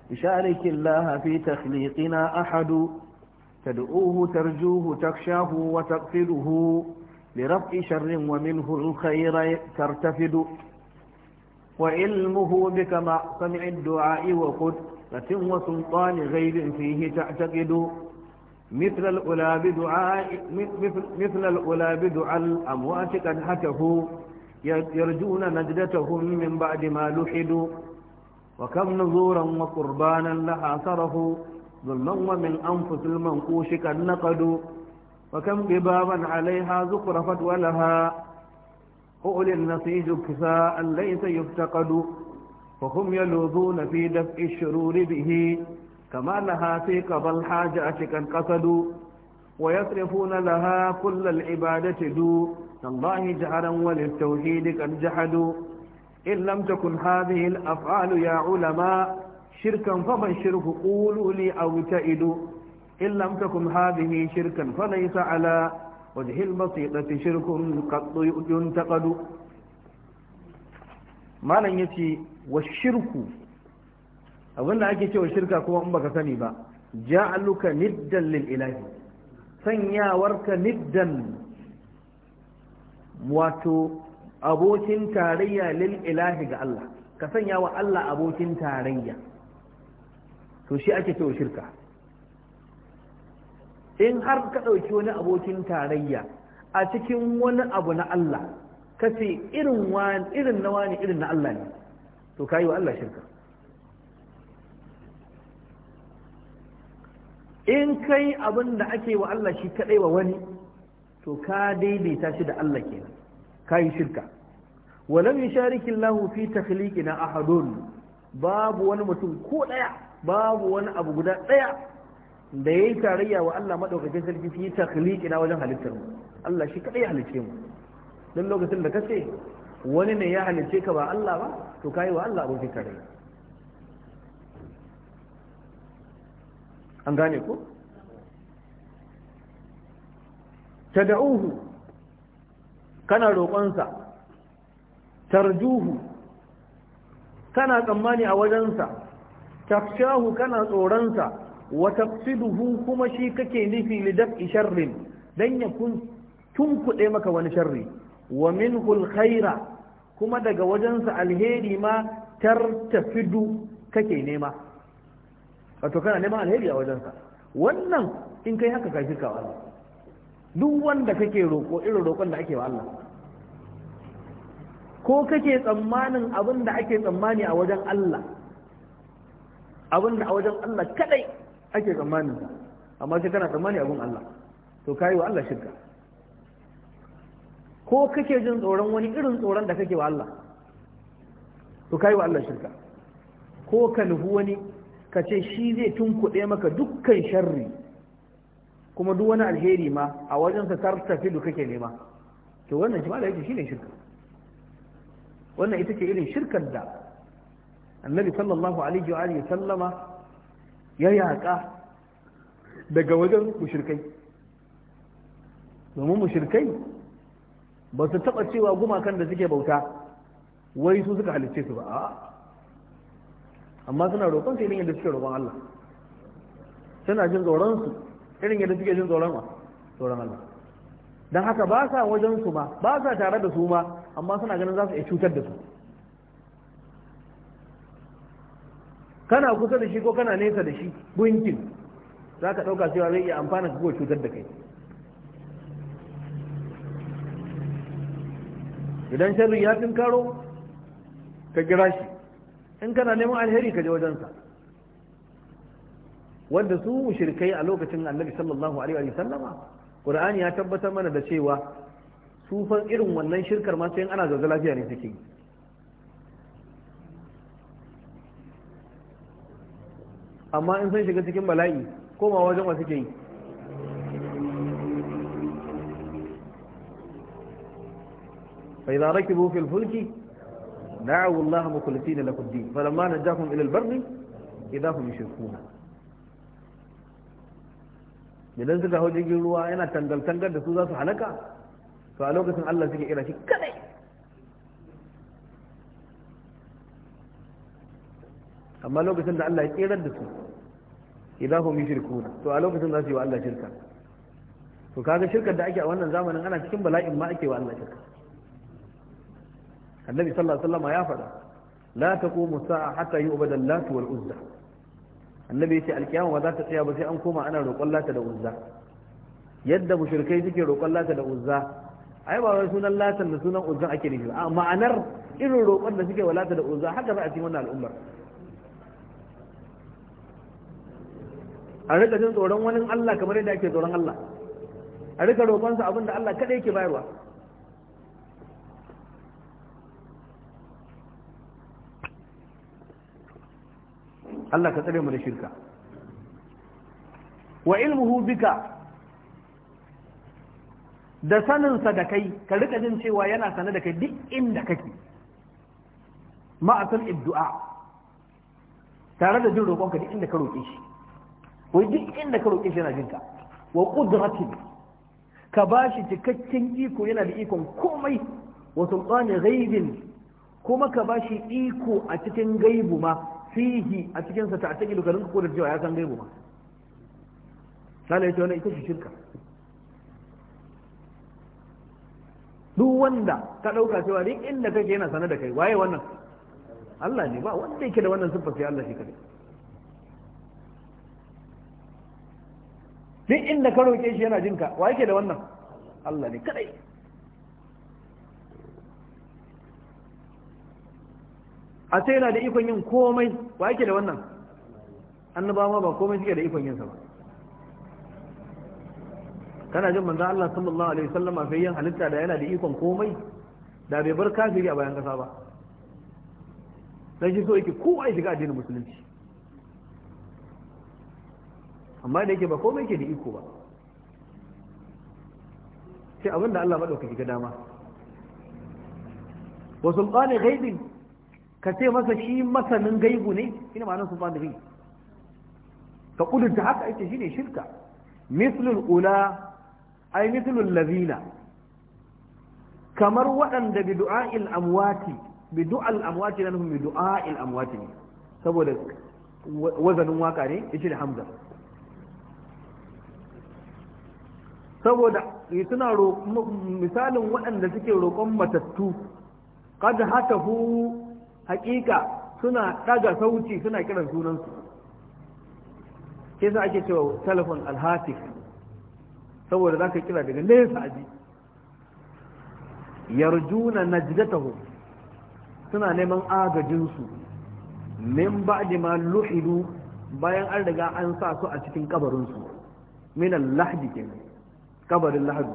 yusharika Allah fi takhliqina ahadu tad'uhu tarjuhu takshahu wa taqfiduhu لرفع شر ومنه الخير ترتفد وعلمه بك مع سمع الدعاء وقد فتن وسلطان غير فيه تعتقد مثل الأولى بدعاء مثل الأولى بدعاء الأموات قد هتفوا يرجون نجدتهم من بعد ما لحدوا وكم نزورا وقربانا لها صرفوا ظلما ومن أنفس المنقوش قد نقدوا وكم قبابا عليها زخرفت ولها أولي النصيج كفاء ليس يفتقد فهم يلوذون في دفع الشرور به كما لها في قضى الحاجة قصد ويصرفون لها كل العبادة دو الله جهرا وللتوحيد قد جحدوا إن لم تكن هذه الأفعال يا علماء شركا فمن شرك قولوا لي أو تئدوا إن لم تكن هذه شركا فليس على وجه البسيطة شرك قد ينتقد ما لن يتي والشرك أظن أكي تيوى الشركة كما أمك سنبا جعلك ندا للإله سنيا ورك ندا واتو abokin تاريا lil ilahi ga Allah ka sanya wa Allah abokin tarayya to shi ake cewa shirka in har ka ɗauki wani abokin tarayya a cikin wani abu na Allah ka ce irin irin na wani irin na Allah ne to ka yi wa Allah shirka in kai abin da ake wa Allah shi kaɗai wa wani to ka daidaita shi da Allah kenan ka yi shirka walam yushariki Allah fi takhliqina ahadun babu wani mutum ko daya babu wani abu guda daya da yayi tarayya wa Allah madaukakin sarki fi na wajen halittar mu Allah shi kadai halice mu dan lokacin da kace wani ne ya halice ka ba Allah ba to kai wa Allah abokin tarayya an gane ko tad'uhu kana roƙonsa tarjuhu kana tsammani a wajensa tafshahu kana tsoronsa wa tafsiduhu kuma shi kake nufi li daf'i sharrin dan ya kun tunkuɗe maka wani sharri wa minhu alkhaira kuma daga wajensa alheri ma tartafidu kake nema wato kana neman alheri a wajensa wannan in kai haka ka shirka wa Allah duk wanda kake roƙo irin roƙon da ake wa Allah ko kake tsammanin abinda ake tsammani a wajen Allah Abinda a wajen Allah kadai ake tsammanin sa amma sai kana tsammani abun Allah to kai wa Allah shirka ko kake jin tsoron wani irin tsoron da kake wa Allah to kai wa Allah shirka ko ka nufi wani ka ce shi zai tunkuɗe maka dukkan sharri kuma duk wani alheri ma a wajen sa tartafi da kake nema to wannan shi malaka shine shirka wannan ita ce irin shirkar da annabi sallallahu alaihi wa alihi sallama ya yaƙa daga wajen mushirkai domin mushirkai ba su taɓa cewa gumakan da suke bauta wai su suka halicce su ba a amma suna roƙon su irin yadda suke roƙon Allah suna jin tsoron su irin yadda suke jin tsoron wa tsoron Allah don haka ba sa wajen su ma ba sa tare da su ma amma suna ganin za su iya cutar da su kana kusa da shi ko kana nesa da shi gunkin za ka ɗauka cewa zai iya amfana ka ko cutar da kai idan sharri ya karo ka gira shi in kana neman alheri ka je wajensa wanda su shirkai a lokacin annabi sallallahu alaihi wa sallama qur'ani ya tabbatar mana da cewa su fa irin wannan shirkar ma sai ana zaune lafiya ne suke yi amma in sun shiga cikin bala'i koma wajen wa ke yi fa idza rakibu fil fulki da'u Allah mukhlisina lahu ad-din falamma najahum ila al-barri idza hum yushrikun idan suka hau jirgin ruwa yana tangal tangal da su za su halaka to a lokacin Allah suke kira shi kadai amma lokacin da Allah ya tsirar da su idan hum yushrikuna to a lokacin za su yi wa Allah shirka to kaga shirkar da ake a wannan zamanin ana cikin bala'in ma ake wa Allah shirka annabi sallallahu alaihi wasallam ya faɗa la taqumu sa'a hatta yu'bada Allah wal Uzza annabi ya ce alkiyama ba za ta tsaya ba sai an koma ana roƙon Lata da Uzza yadda mushrikai suke roƙon Lata da Uzza ai ba wai sunan Allah da sunan Uzza ake nufi amma ma'anar irin roƙon da suke wa Lata da Uzza haka za a cikin wannan al'ummar a rika jin tsoron wani Allah kamar yadda ake tsoron Allah a rika roƙonsa abin da Allah kaɗai yake bayarwa Allah ka tsare mu da shirka wa ilmuhu bika da saninsa da kai ka rika jin cewa yana sane da kai duk inda kake ma'asan iddu'a tare da jin roƙonka duk inda ka roƙe shi wai duk inda ka roƙe shi yana jinka wa qudratin ka bashi cikakken iko yana da ikon komai wa sultani ghaibin kuma ka bashi iko a cikin gaibu ma fihi a cikin sa ta cikin lokacin ko da cewa ya san gaibu ma sala ita wani ita shi shirka duk wanda ka ɗauka cewa duk inda kake yana sanar da kai waye wannan Allah ne ba wanda yake da wannan siffar sai Allah shi kadai duk inda ka roƙe shi yana jinka wa yake da wannan Allah ne kadai a ce yana da ikon yin komai wa yake da wannan annabawa ba komai suke da ikon yinsa ba kana jin manzo Allah sallallahu alaihi wasallam a yin halitta da yana da ikon komai da bai bar kafiri a bayan kasa ba Sai shi so yake kowa ya shiga addinin musulunci amma da yake ba komai ke da iko ba sai abin da Allah maɗaukaki ga dama wa sulɓanin gaibin ka ce masa shi masanin gaibu ne shi ne ma'anar sulɓanin gaibi ka ƙudurta haka ita shine shirka mislul ula ai mislul lazina kamar waɗanda bi du'a'il amwati bi du'al amwati nan bi du'a'il amwati ne saboda wazanin waka ne yace da hamza saboda suna misalin waɗanda suke roƙon matattu kada haka hu hakika suna ɗaga sauci suna kiran sunansu ke sa ake cewa telefon alhatif saboda za ka kira daga nesa aji yarjuna najdatahu suna neman agajinsu min ba'di ma luhidu bayan an riga an sa su a cikin kabarinsu min al-lahdi kenan kabarin lahadu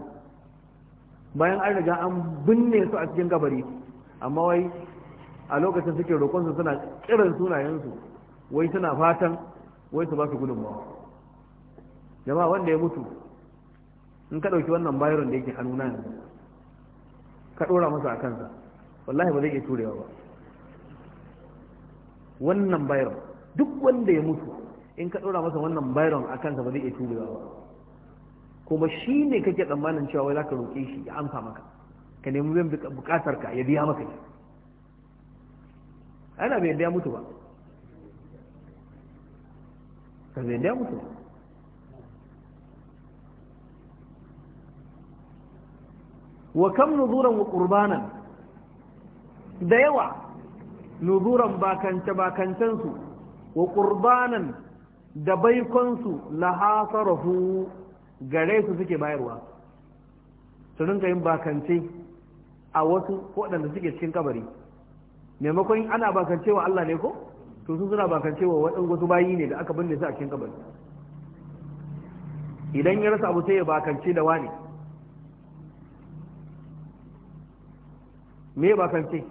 bayan an riga an binne su a cikin kabari amma wai a lokacin suke roƙonsu suna kiran sunayensu wai suna fatan wai su ba su gudunmawa jama'a wanda ya mutu in ka ɗauki wannan bayron da yake hannuna ne ka ɗora masa a kansa wallahi ba zai iya turewa ba wannan bayron duk wanda ya mutu in ka ɗora masa wannan bayron a kansa ba zai iya turewa ba kuma shi ne kake tsammanin cewa wai zaka roƙe shi ya amsa maka ka nemi biyan buƙatar ka ya biya maka shi ana bai biya mutu ba ka bai biya mutu ba wa kam nuzuran wa qurbanan da yawa nuzuran bakance bakancensu wa qurbanan da baikonsu hasarahu gare su suke bayarwa su rinka yin bakance a wasu ko waɗanda suke cikin kabari maimakon ana bakance wa Allah ne ko to sun suna bakance wa waɗin wasu bayi ne da aka binne su a cikin kabari idan ya rasa abu sai ya bakance da wani me bakance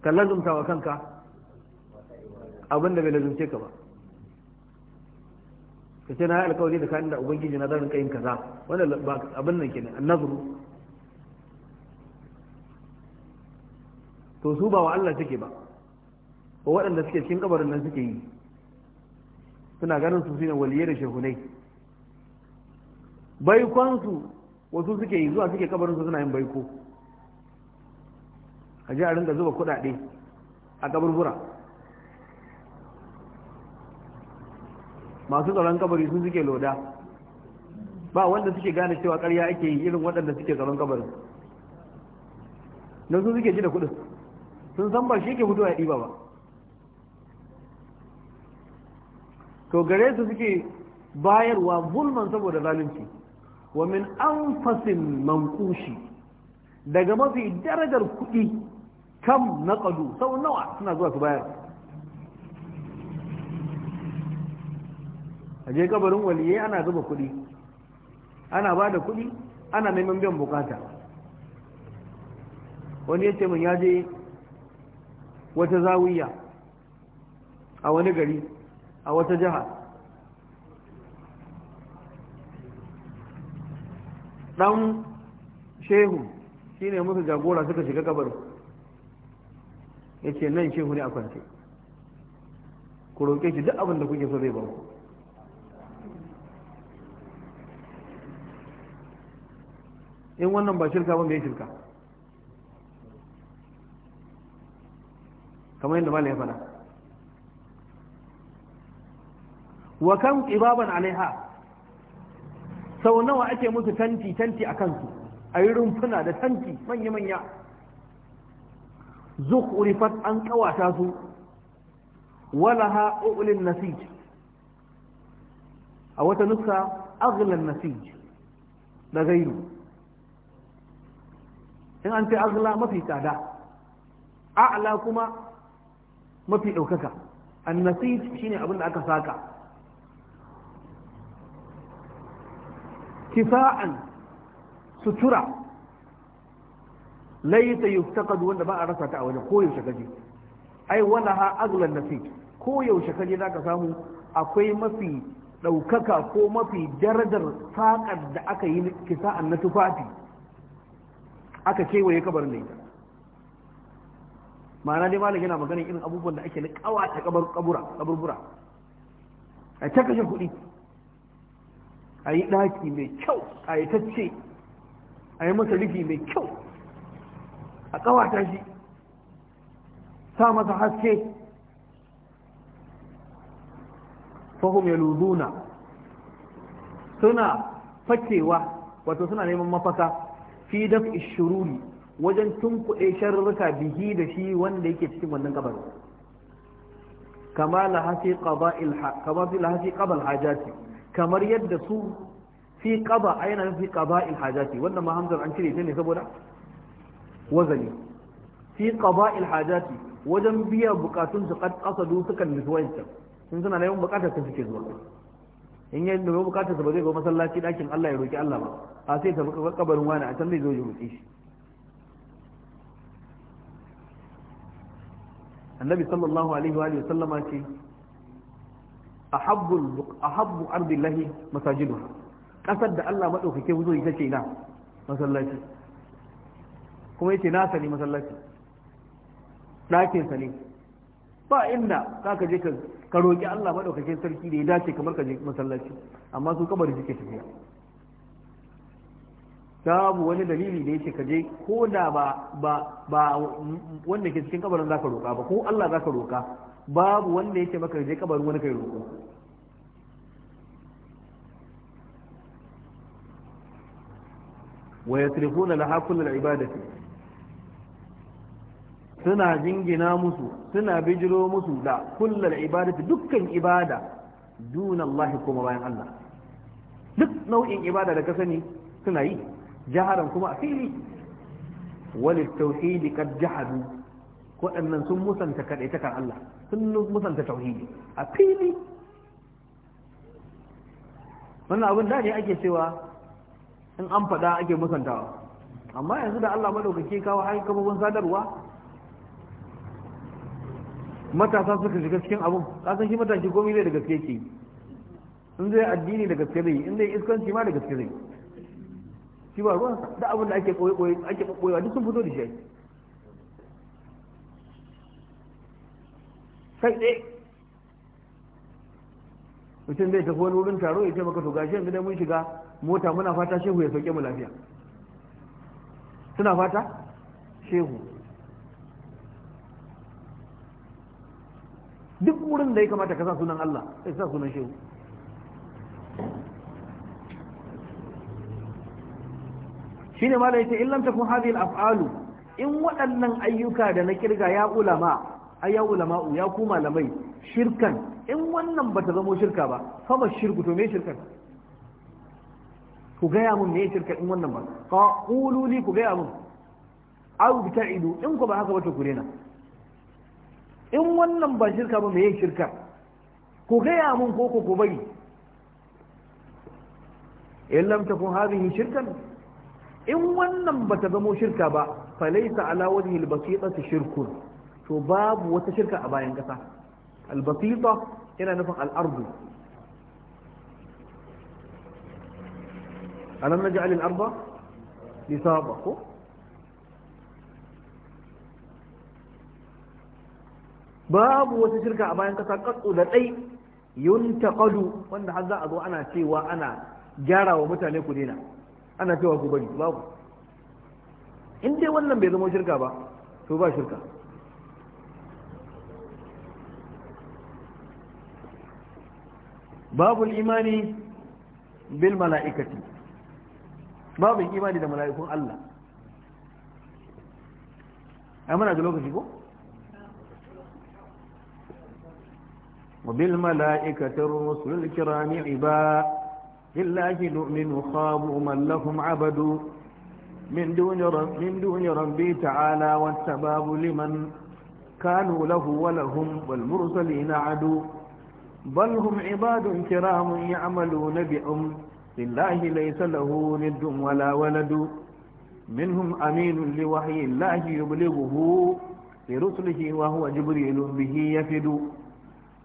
kallon zumtawa wa kanka abin da bai lazumce ka ba ka ce na yi alkawari da kanin da ubangiji na zarin kayin kaza wanda ba abin nan kenan annazuru to su ba wa Allah suke ba ko waɗanda suke cikin kabarin nan suke yi suna ganin su shine waliyai da shehunai baikonsu wasu suke yi zuwa suke kabarin su suna yin baiko a ji a rinka zuba kuɗaɗe a kaburbura masu tsaron kabari sun suke loda ba wanda suke gane cewa karya ake yi irin waɗanda suke tsaron kabarin don sun suke ji da kuɗin sun san ba shi yake fito ya ɗiba ba to gare su suke bayarwa bulman saboda zalunci wa min anfasin mankushi daga mafi darajar kuɗi kam na ƙadu sau nawa suna zuwa su bayar a je kabarin waliyai ana zuba kudi ana ba da kudi ana neman biyan bukata wani ya ce min ya je wata zawiya a wani gari a wata jiha dan shehu shi ne musu jagora suka shiga kabarin ya ce nan shehu ne a kwance ku roƙe shi duk abin da kuke so zai ba ku in wannan ba shirka ba mai shirka kamar yadda malam ya faɗa wa kan Ibaban alaiha sau nawa ake musu tanti tanti a kansu a yi rumfuna da tanti manya-manya zuk an kawata su walaha ulin nasij a wata nuska aghlan nasij da gairu in an ce azla mafi tsada a'la kuma mafi ɗaukaka annasij shine abin da aka saka kifa'an sutura laita yuftaqad wanda ba a rasa ta a wajen ko yaushe kaje ai walaha azlan nasij ko yaushe kaje zaka samu akwai mafi ɗaukaka ko mafi darajar saƙar da aka yi kisa'an na tufafi aka kewaye kabarin da ita ma'ana dai malam yana maganin irin abubuwan da ake na kawata kabura kaburbura a ta kashe kuɗi a yi ɗaki mai kyau a yi tacce a yi masa rufi mai kyau a kawata shi sa masa haske fahim ya luzuna suna fakewa wato suna neman mafaka fi daf'i shururi wajen tunkuɗe sharruka bihi da shi wanda yake cikin wannan kabar kama lahasi qaba'il kama fi lahasi qabal hajati kamar yadda su fi qaba ayna fi qaba'il hajati wannan ma hamzar an cire ta ne saboda wazani fi qaba'il hajati wajen biya bukatun su qad qasadu sukan nufi sun suna da yawan bukatar ta suke zuwa in ya nemi bukatar sa ba zai zo masallaci ɗakin Allah ya roki Allah ba a sai ta kabarin wani a can zai zo ya roki shi annabi sallallahu alaihi wa sallama ce ahabbu ahabbu ardillahi masajiduha kasar da Allah madaukake huzo ita ce na masallaci kuma yace na sani masallaci ɗakin sa ne ba inda zaka je ka ka roƙi Allah maɗaukakin sarki da ya dace kamar ka je masallaci amma su kabari suke tafiya babu wani dalili da yake ka je ko da ba ba ba wanda ke cikin kabarin zaka roƙa ba ko Allah zaka roƙa babu wanda yake maka je kabarin wani kai roƙo wa yatrifuna laha kullu al-ibadati suna jingina musu suna bijiro musu da kullal ibadati dukkan ibada duna Allah kuma bayan Allah duk nau'in ibada da ka sani suna yi jaharan kuma a fili wani tauhidi kad jahadu waɗannan sun musanta kan Allah sun musanta tauhidi a fili wannan abin da ne ake cewa in an faɗa ake musantawa amma yanzu da Allah madaukake kawo har kafofin sadarwa matasa suka shiga cikin abun kasan shi matashi komai zai da gaske ke in zai addini da gaske zai in zai iskanci ma da gaske zai shi ba ruwan da abin da ake koyi ake koyewa duk sun fito da shi kai dai mutum zai tafi wani wurin taro ya ce maka to gashi yanzu dai mun shiga mota muna fata shehu ya sauke mu lafiya suna fata shehu duk wurin da ya kamata ka sa sunan Allah sai sa sunan shehu Shi ne mala yace in lam takun hadhihi al-af'alu in waɗannan ayyuka da na kirga ya ulama ayya ulama ya ku malamai shirkan in wannan bata zamo shirka ba fa ba shirku to me shirkan ku gaya mun me shirka in wannan ba qulu li ku gaya mun aw bita'idu in ku ba haka ba to ku rena in wannan ba shirka ba mai shirka ku gaya mun ko ku bari in lam takun hadhihi shirkan in wannan bata zamo shirka ba falaisa ala wajhi albasita shirkun to babu wata shirka a bayan kasa albasita yana nufin al'ardu alam naj'al al-arda lisaba ko babu wata shirka a bayan kasa katsu da tsai yuntaqadu wanda har za a zo ana cewa ana gyara wa mutane ku dena ana cewa ku bari babu in dai wannan bai zama shirka ba to ba shirka babu imani bil mala'ikati babu imani da mala'ikun Allah ai muna da lokaci ko وبالملائكة الرسل الكرام عبا لله نؤمن خابوا من لهم عبدوا من دون رب من دون ربي تعالى والسباب لمن كانوا له ولهم والمرسلين عدو بل هم عباد كرام يعملون بأم لله ليس له ند ولا ولد منهم أمين لوحي الله يبلغه لرسله وهو جبريل به يفد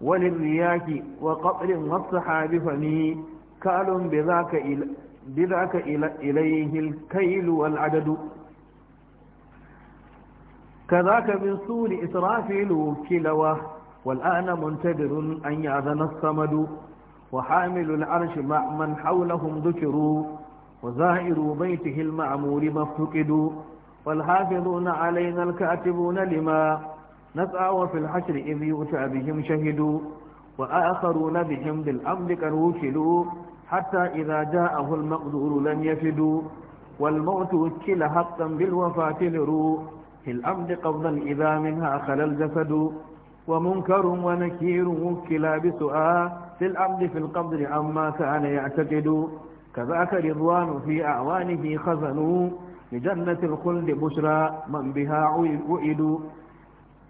وللرياح وقطر والصحاب فمي كال بذاك إلى بذاك إلى إليه الكيل والعدد كذاك من سور إسرافيل كلوة والآن منتظر أن يأذن الصمد وحامل العرش مع من حولهم ذكروا وزائر بيته المعمور مفتقد والحافظون علينا الكاتبون لما نسعى وفي الحشر إذ يؤتى بهم شهدوا وآخرون بهم بالأمر وكلوا حتى إذا جاءه المقدور لن يفدوا والموت وكل حقا بالوفاة لروا في الأمر قبضا إذا منها خلا الجسد ومنكر ونكير وكلا بسؤال في الأمر في القبر عما كان يعتقد كذاك رضوان في أعوانه خزنوا لجنة الخلد بشرى من بها وئدوا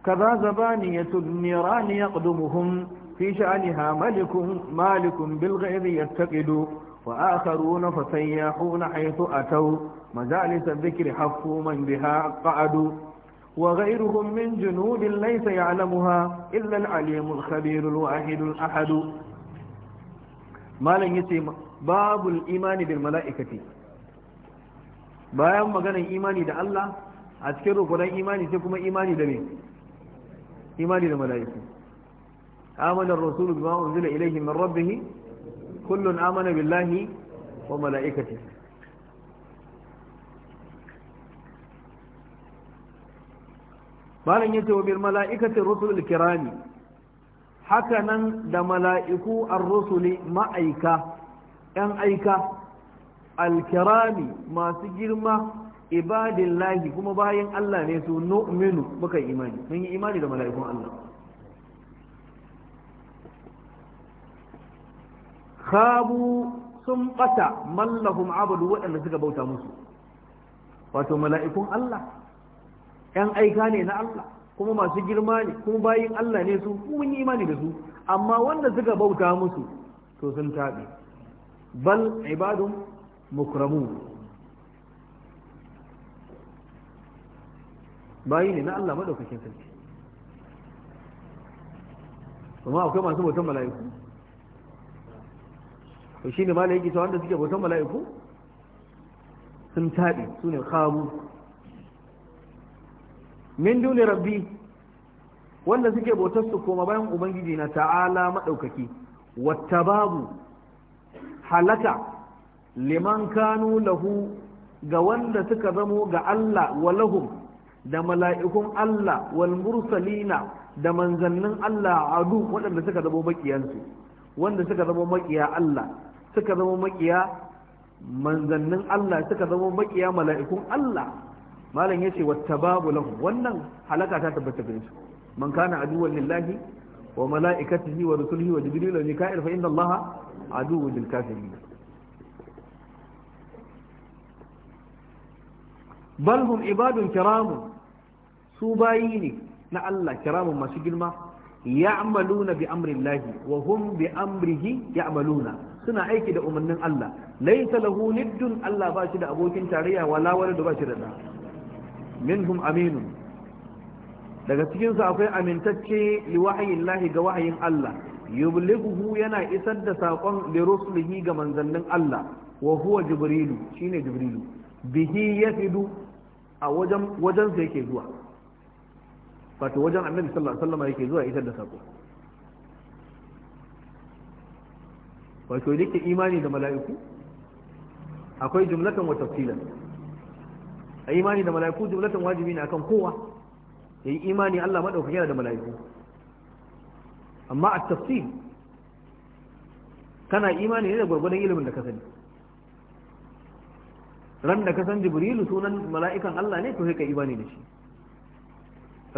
كذا زبانية النيران يقدمهم في شأنها ملك مالك بالغير يتقد وآخرون فسياحون حيث أتوا مجالس الذكر حفوا من بها قعدوا وغيرهم من جنود ليس يعلمها إلا العليم الخبير الواحد الأحد ما لن يتم باب الإيمان بالملائكة باب الإيمان imani أذكروا Allah a cikin إيماني imani إيمان da mala'iku amana ar-rasulu bima unzila ilayhi min rabbih kullun amana billahi wa malam yace wa bil mala'ikati rusul kirami haka nan da mala'iku ar-rusuli ma'aika yan aika al masu girma ibadillahi kuma bayan Allah ne su nu'minu muka imani mun yi imani da mala'ikun Allah khabu sun qata mallahum abadu waɗanda suka bauta musu wato mala'ikun Allah ‘yan aika ne na Allah kuma masu girma ne kuma bayin Allah ne su mun yi imani da su amma wanda suka bauta musu to sun tabe bal ibadun mukramun bayi ne na Allah madaukakin sarki kuma akwai masu bautan mala'iku to shine ma yake cewa wanda suke bautan mala'iku sun taɗi su ne khamu min duni rabbi wanda suke bautar su koma bayan ubangiji na ta'ala madaukaki wata babu halaka liman kanu lahu ga wanda suka zamo ga Allah wa lahum da mala'ikun Allah wal mursalina da manzannin Allah a adu waɗanda suka zama makiyansu wanda suka zama makiya Allah suka zama makiya manzannin Allah suka zama makiya mala'ikun Allah malam ya yace wattababu lahu wannan halaka ta tabbata gare su man kana aduwwan lillahi wa mala'ikatihi wa rusulihi wa jibril wa mika'il fa inna Allah aduwwul lil kafirin bal hum ibadun kiramun su bayi ne na Allah kiramun masu girma ya'maluna bi amrillahi wa hum bi amrihi suna aiki da umarnin Allah laysa lahu niddun Allah ba shi da abokin tarayya wala wani da ba shi da da minhum aminun daga cikin su akwai amintacce li Lahi ga wahayin Allah yublighu yana isar da sakon li rusulihi ga manzannin Allah wa huwa jibrilu shine jibrilu bihi yafidu a wajen wajen sa yake zuwa wato wajen annabi sallallahu alaihi wasallam yake zuwa isar da sako wato yake imani da mala'iku akwai jumlatan wa tafsilan a imani da mala'iku jumlatan wajibi ne akan kowa ya yi imani Allah maɗaukaki yana da mala'iku amma a tafsil kana imani ne da gwargwadon ilimin da ka sani ran da ka san jibrilu sunan mala'ikan Allah ne to sai ka imani da shi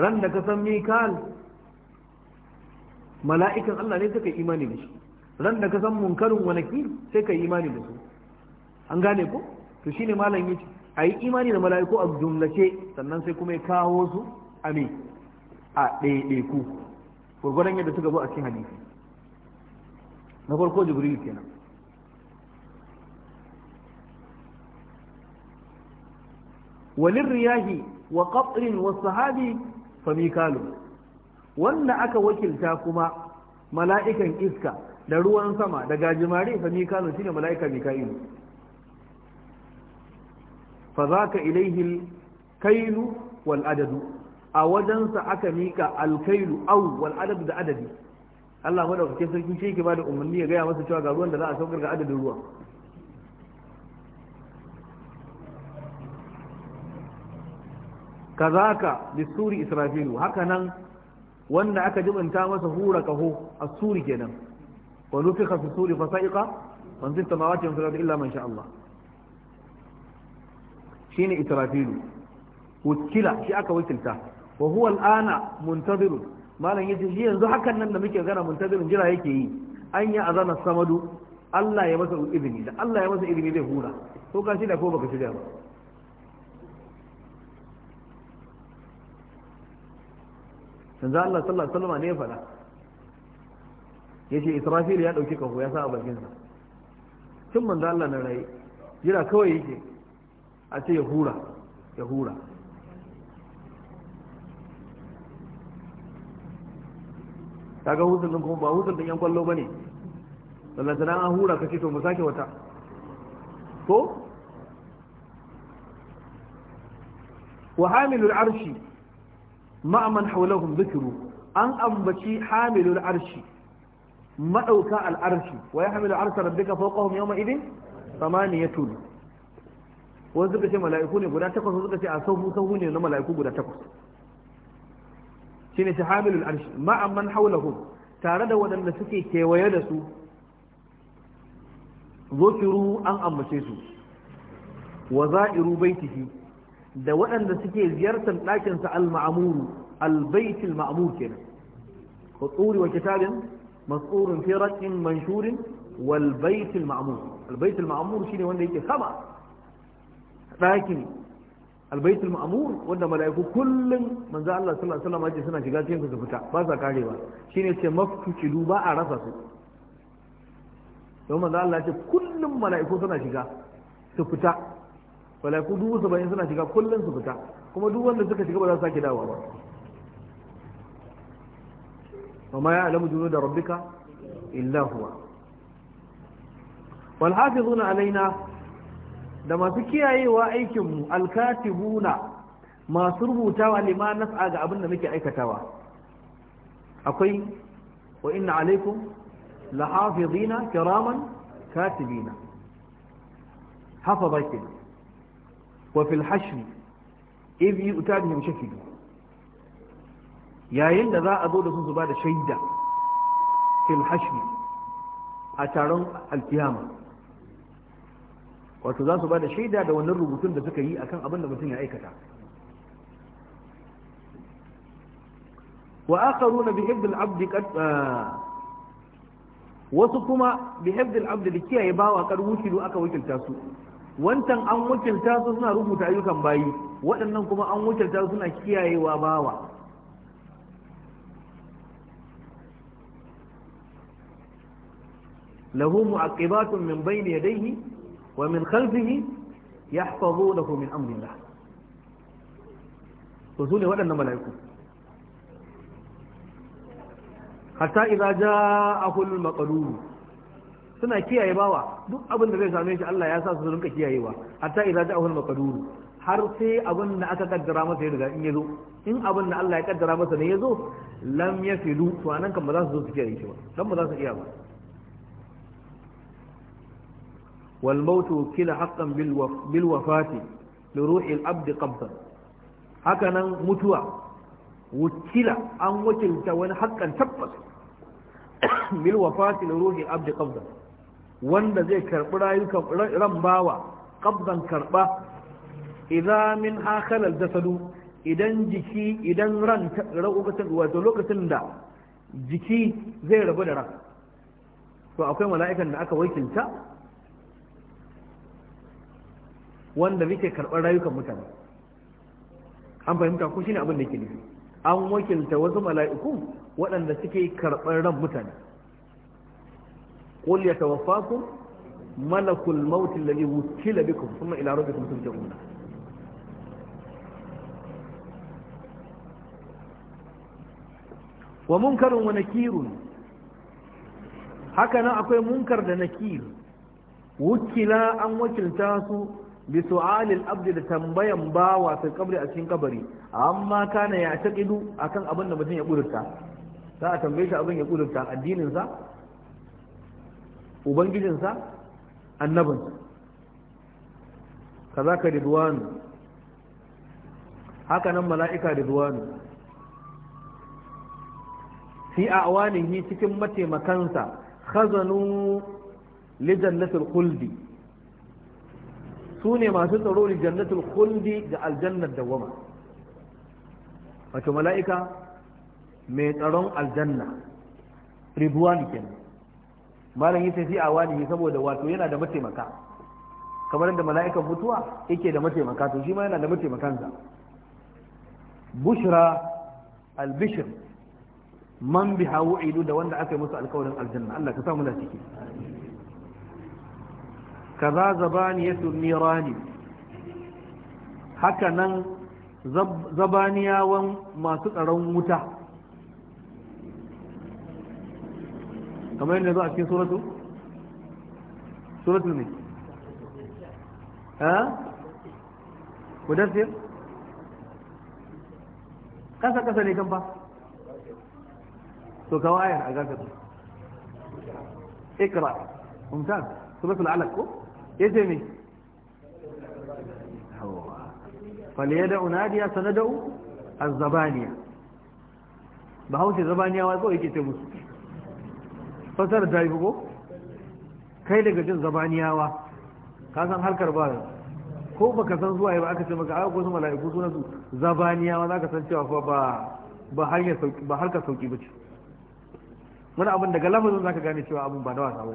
ran da ka san mikal mala'ikan Allah ne suka imani da shi ran da ka san munkarin wanaki sai ka yi imani da su an gane ko to shine malam yace ayi imani da mala'iku a jumlace sannan sai kuma ya kawo su a me a ɗaiɗaiku gurgurdan yadda suka zo a cikin hadisi na farko jibril kenan walin riyahi wa qatrin wa sahabi famikalu wanda aka wakilta kuma mala'ikan iska da ruwan sama da gajimare famikalu shine mala'ika mika'ilu fa zaka ilaihi kailu wal adadu a wajensa aka mika alkailu au wal adadu da adadi Allah madaukakin sarki shi yake bada umarni ya gaya masa cewa ga ruwan da za a saukar ga adadin ruwa kazaka bisuri israfilu haka wanda aka jibinta masa hura kaho asuri kenan wa nufiqa fi suri fa sa'iqa man fi samawati wa illa man sha Allah shine israfilu wakila shi aka wakilta wa ana al'ana muntaziru malam yace shi yanzu hakan nan da muke gana muntazirin jira yake yi an ya azana samadu Allah ya masa izini da Allah ya masa izini zai hura to da ko baka shirya ba manzo Allah sallallahu alaihi wasallam ne ya faɗa yace Israfil ya dauki kaho ya sa a bakin sa tun manzo Allah na rai jira kawai yake a ce ya hura ya hura kaga hutun din kuma ba hutun din yan kwallo bane sannan sanan an hura kace to mu sake wata ko wa hamilul arshi ma'aman haulahum zikiru an ambaci hamilul arshi madauka al'arshi wa ya hamilu arsha rabbika fawqahum yawma idin samaniyatun wasu suka ce mala'iku ne guda takwas wasu suka ce a sahu sahu ne na mala'iku guda takwas shine ta hamilul arshi ma'aman haulahum tare da waɗanda suke kewaye da su zokiru an ambace su wa za'iru baitihi da waɗanda suke ziyartar ɗakinsa al-ma'amuru al-baitul ma'amur kenan wa tsuri wa kitabin mas'urun fi raqin manshurin wal baitul ma'amur al-baitul ma'amur shine wanda yake sama ɗakin al-baitul ma'amur wanda mala'iku kullum manzo Allah sallallahu alaihi wasallam suna shiga cikin su fita ba sa karewa shine ce mafkidu ba a rasa su don manzo Allah ya ce kullum mala'iku suna shiga su fita malaiku dubu saba'in suna shiga kullum su fita kuma duk wanda suka shiga ba za su sake dawowa ba وما da جنود ربك إلا هو والحافظون alaina da masu kiyayewa aikinmu alkatibuna masu rubutawa lima nas'a ga abin da muke aikatawa akwai wa inna alaikum lahafizina kiraman katibina hafa bakin wa fil hashri idh da bihim shahidu yayin da za a zo da sun su ba da shaida fil hashri a taron alkiyama wato za su ba da shaida da wannan rubutun da suka yi akan abin da mutum ya aikata wa na bi hibdil abdi qad ah, wasu kuma bi hibdil abdi da kiyaye bawa karu wukilu aka wakilta su wancan an wakilta su suna rubuta ayyukan bayi waɗannan kuma an wakilta suna kiyayewa bawa lahu mu'aqibatun min bayni yadayhi wa min khalfihi yahfazunahu min amrillah to sune waɗannan mala'iku hatta idza ja'a al-maqdur suna kiyaye bawa duk abin da zai same shi Allah ya sa su rinka kiyayewa hatta idza ja'ahu al-maqdur har sai abin da aka kaddara masa ya riga in yazo in abin da Allah ya kaddara masa ne yazo lam yafilu to anan kan ba za su zo su kiyaye shi ba dan ba za su iya ba wal mautu kila haqqan bil wafati li ruhi al-abd qabdan haka nan mutuwa wukila an wakilta wani haƙƙan tabbas (coughs) bil wafati li ruhi al-abd wanda zai karɓi rayukan ran bawa ƙabdan karɓa idan min hakalar dasadu idan jiki idan ran wato lokacin da jiki zai rabu da ran to akwai mala'ikan da aka wakilta wanda muke karɓar rayukan mutane an fahimta ko shine abin da ke nufi an wakilta wasu mala'iku waɗanda suke karɓar ran mutane qul yatawaffakum malakul maut alladhi wukila bikum thumma ila rabbikum turja'un wa munkarun wa nakirun haka nan akwai munkar da nakir wukila an wakilta su bi su'alil abdi da tambayan bawa fi a cikin kabari amma kana ya taqidu akan abin da mutum ya kudurta za a shi abin ya kudurta addinin sa ubangijinsa annabinsa ka za ka ridwanu haka nan mala'ika ridwanu fi a awanihi cikin mataimakansa khazanu lijannatul khuldi su ne masu tsaro lijannatul khuldi ga aljannar dawama wato mala'ika mai tsaron aljanna ne kenan malam yace fi awanihi saboda wato yana da mataimaka kamar da mala'ikan mutuwa yake da mataimaka to shi ma yana da mataimakansa bushra albishir man biha wu'idu da wanda aka yi musu alkawarin aljanna Allah ka samu da ciki kaza zabaniyatu nirani haka nan zabaniyawan masu tsaron wuta kamar yadda zo a cikin suratu suratu ne ha mudassir kasa kasa ne kamfa, to kawo ayar a gasa ikra suratul alaq ko yace ne فليدع ناديا سندعو الزبانية بهاوش الزبانية ويقول يكي fasar ta yi ko kai daga jin zabaniyawa ka san harkar ba ko baka san zuwa ba aka ce maka a ko mala'iku suna su zabaniyawa za ka san cewa fa ba ba hanyar sauki ba harkar sauki ba ce wani abin daga lamarin za ka gane cewa abin ba na wasa ba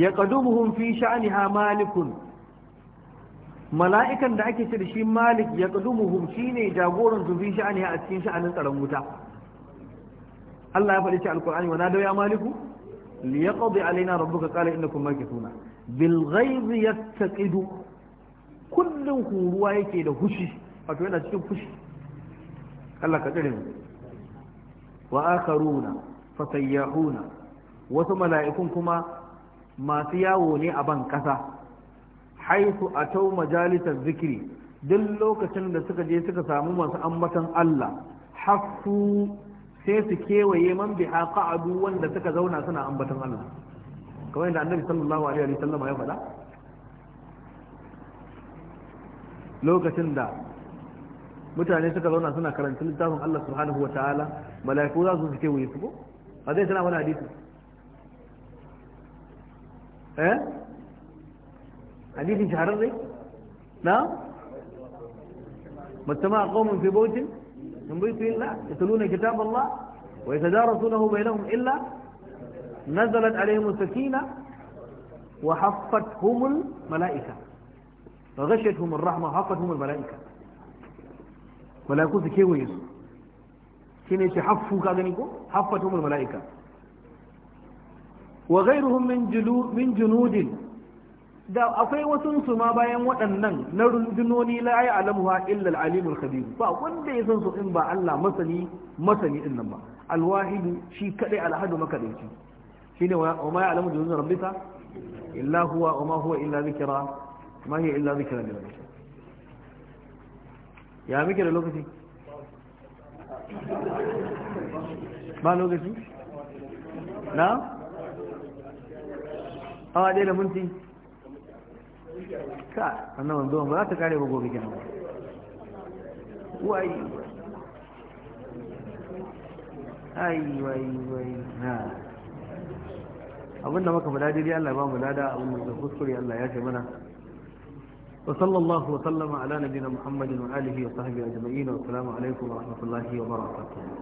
ya qadubuhum fi sha'niha malikun mala'ikan da ake ce da shi malik ya shi ne jagoran su fi sha'ani a cikin sha'anin tsaron wuta Allah ya faɗi shi Alƙur'ani wa nadaw ya maliku liyaqdi alaina rabbuka qala innakum makithuna bil ghaizi yattaqidu kullun huruwa yake da hushi wato yana cikin fushi Allah ka tsare mu wa akharuna fasayyahuna wasu mala'ikun kuma masu yawo ne a ban kasa haifu a tau majalisar zikiri duk lokacin da suka je suka samu masu ambatan Allah hafu sai su kewaye man bi abu wanda suka zauna suna ambatan Allah kamar yadda annabi sallallahu alaihi wa sallam ya faɗa lokacin da mutane suka zauna suna karanta littafin Allah subhanahu wa ta'ala mala'iku za su su kewaye su ko a zai tana wani hadisi eh حديث شهرري لا مجتمع قوم في بوت من بيت إلا يتلون كتاب الله ويتدارسونه بينهم إلا نزلت عليهم السكينة وحفتهم الملائكة وغشتهم الرحمة وحفتهم الملائكة ملائكو سكيه ويسو كيني شحفو كادنكو حفتهم الملائكة وغيرهم من, جلو من جنود من جنود da akwai wasu su ma bayan waɗannan na rundunoni la ya alamuha illa al-alimul khabir ba wanda ya san su in ba Allah masani masani din nan ba al-wahid shi kadai al-ahad makadaici shine wa ma ya'lamu junun rabbika illa huwa wa ma huwa illa dhikra ma hiya illa dhikra lil bashar ya muke da lokaci ba lokaci na awa dai da minti ka annan wanzuwan ba za ta kare ba gobe kenan wai ai wai wai na abinda maka fada daidai Allah ba mu lada abin da kuskure Allah ya ce mana wa sallallahu wa sallama ala nabiyina muhammadin wa alihi wa sahbihi ajma'in wa assalamu alaikum wa rahmatullahi wa barakatuh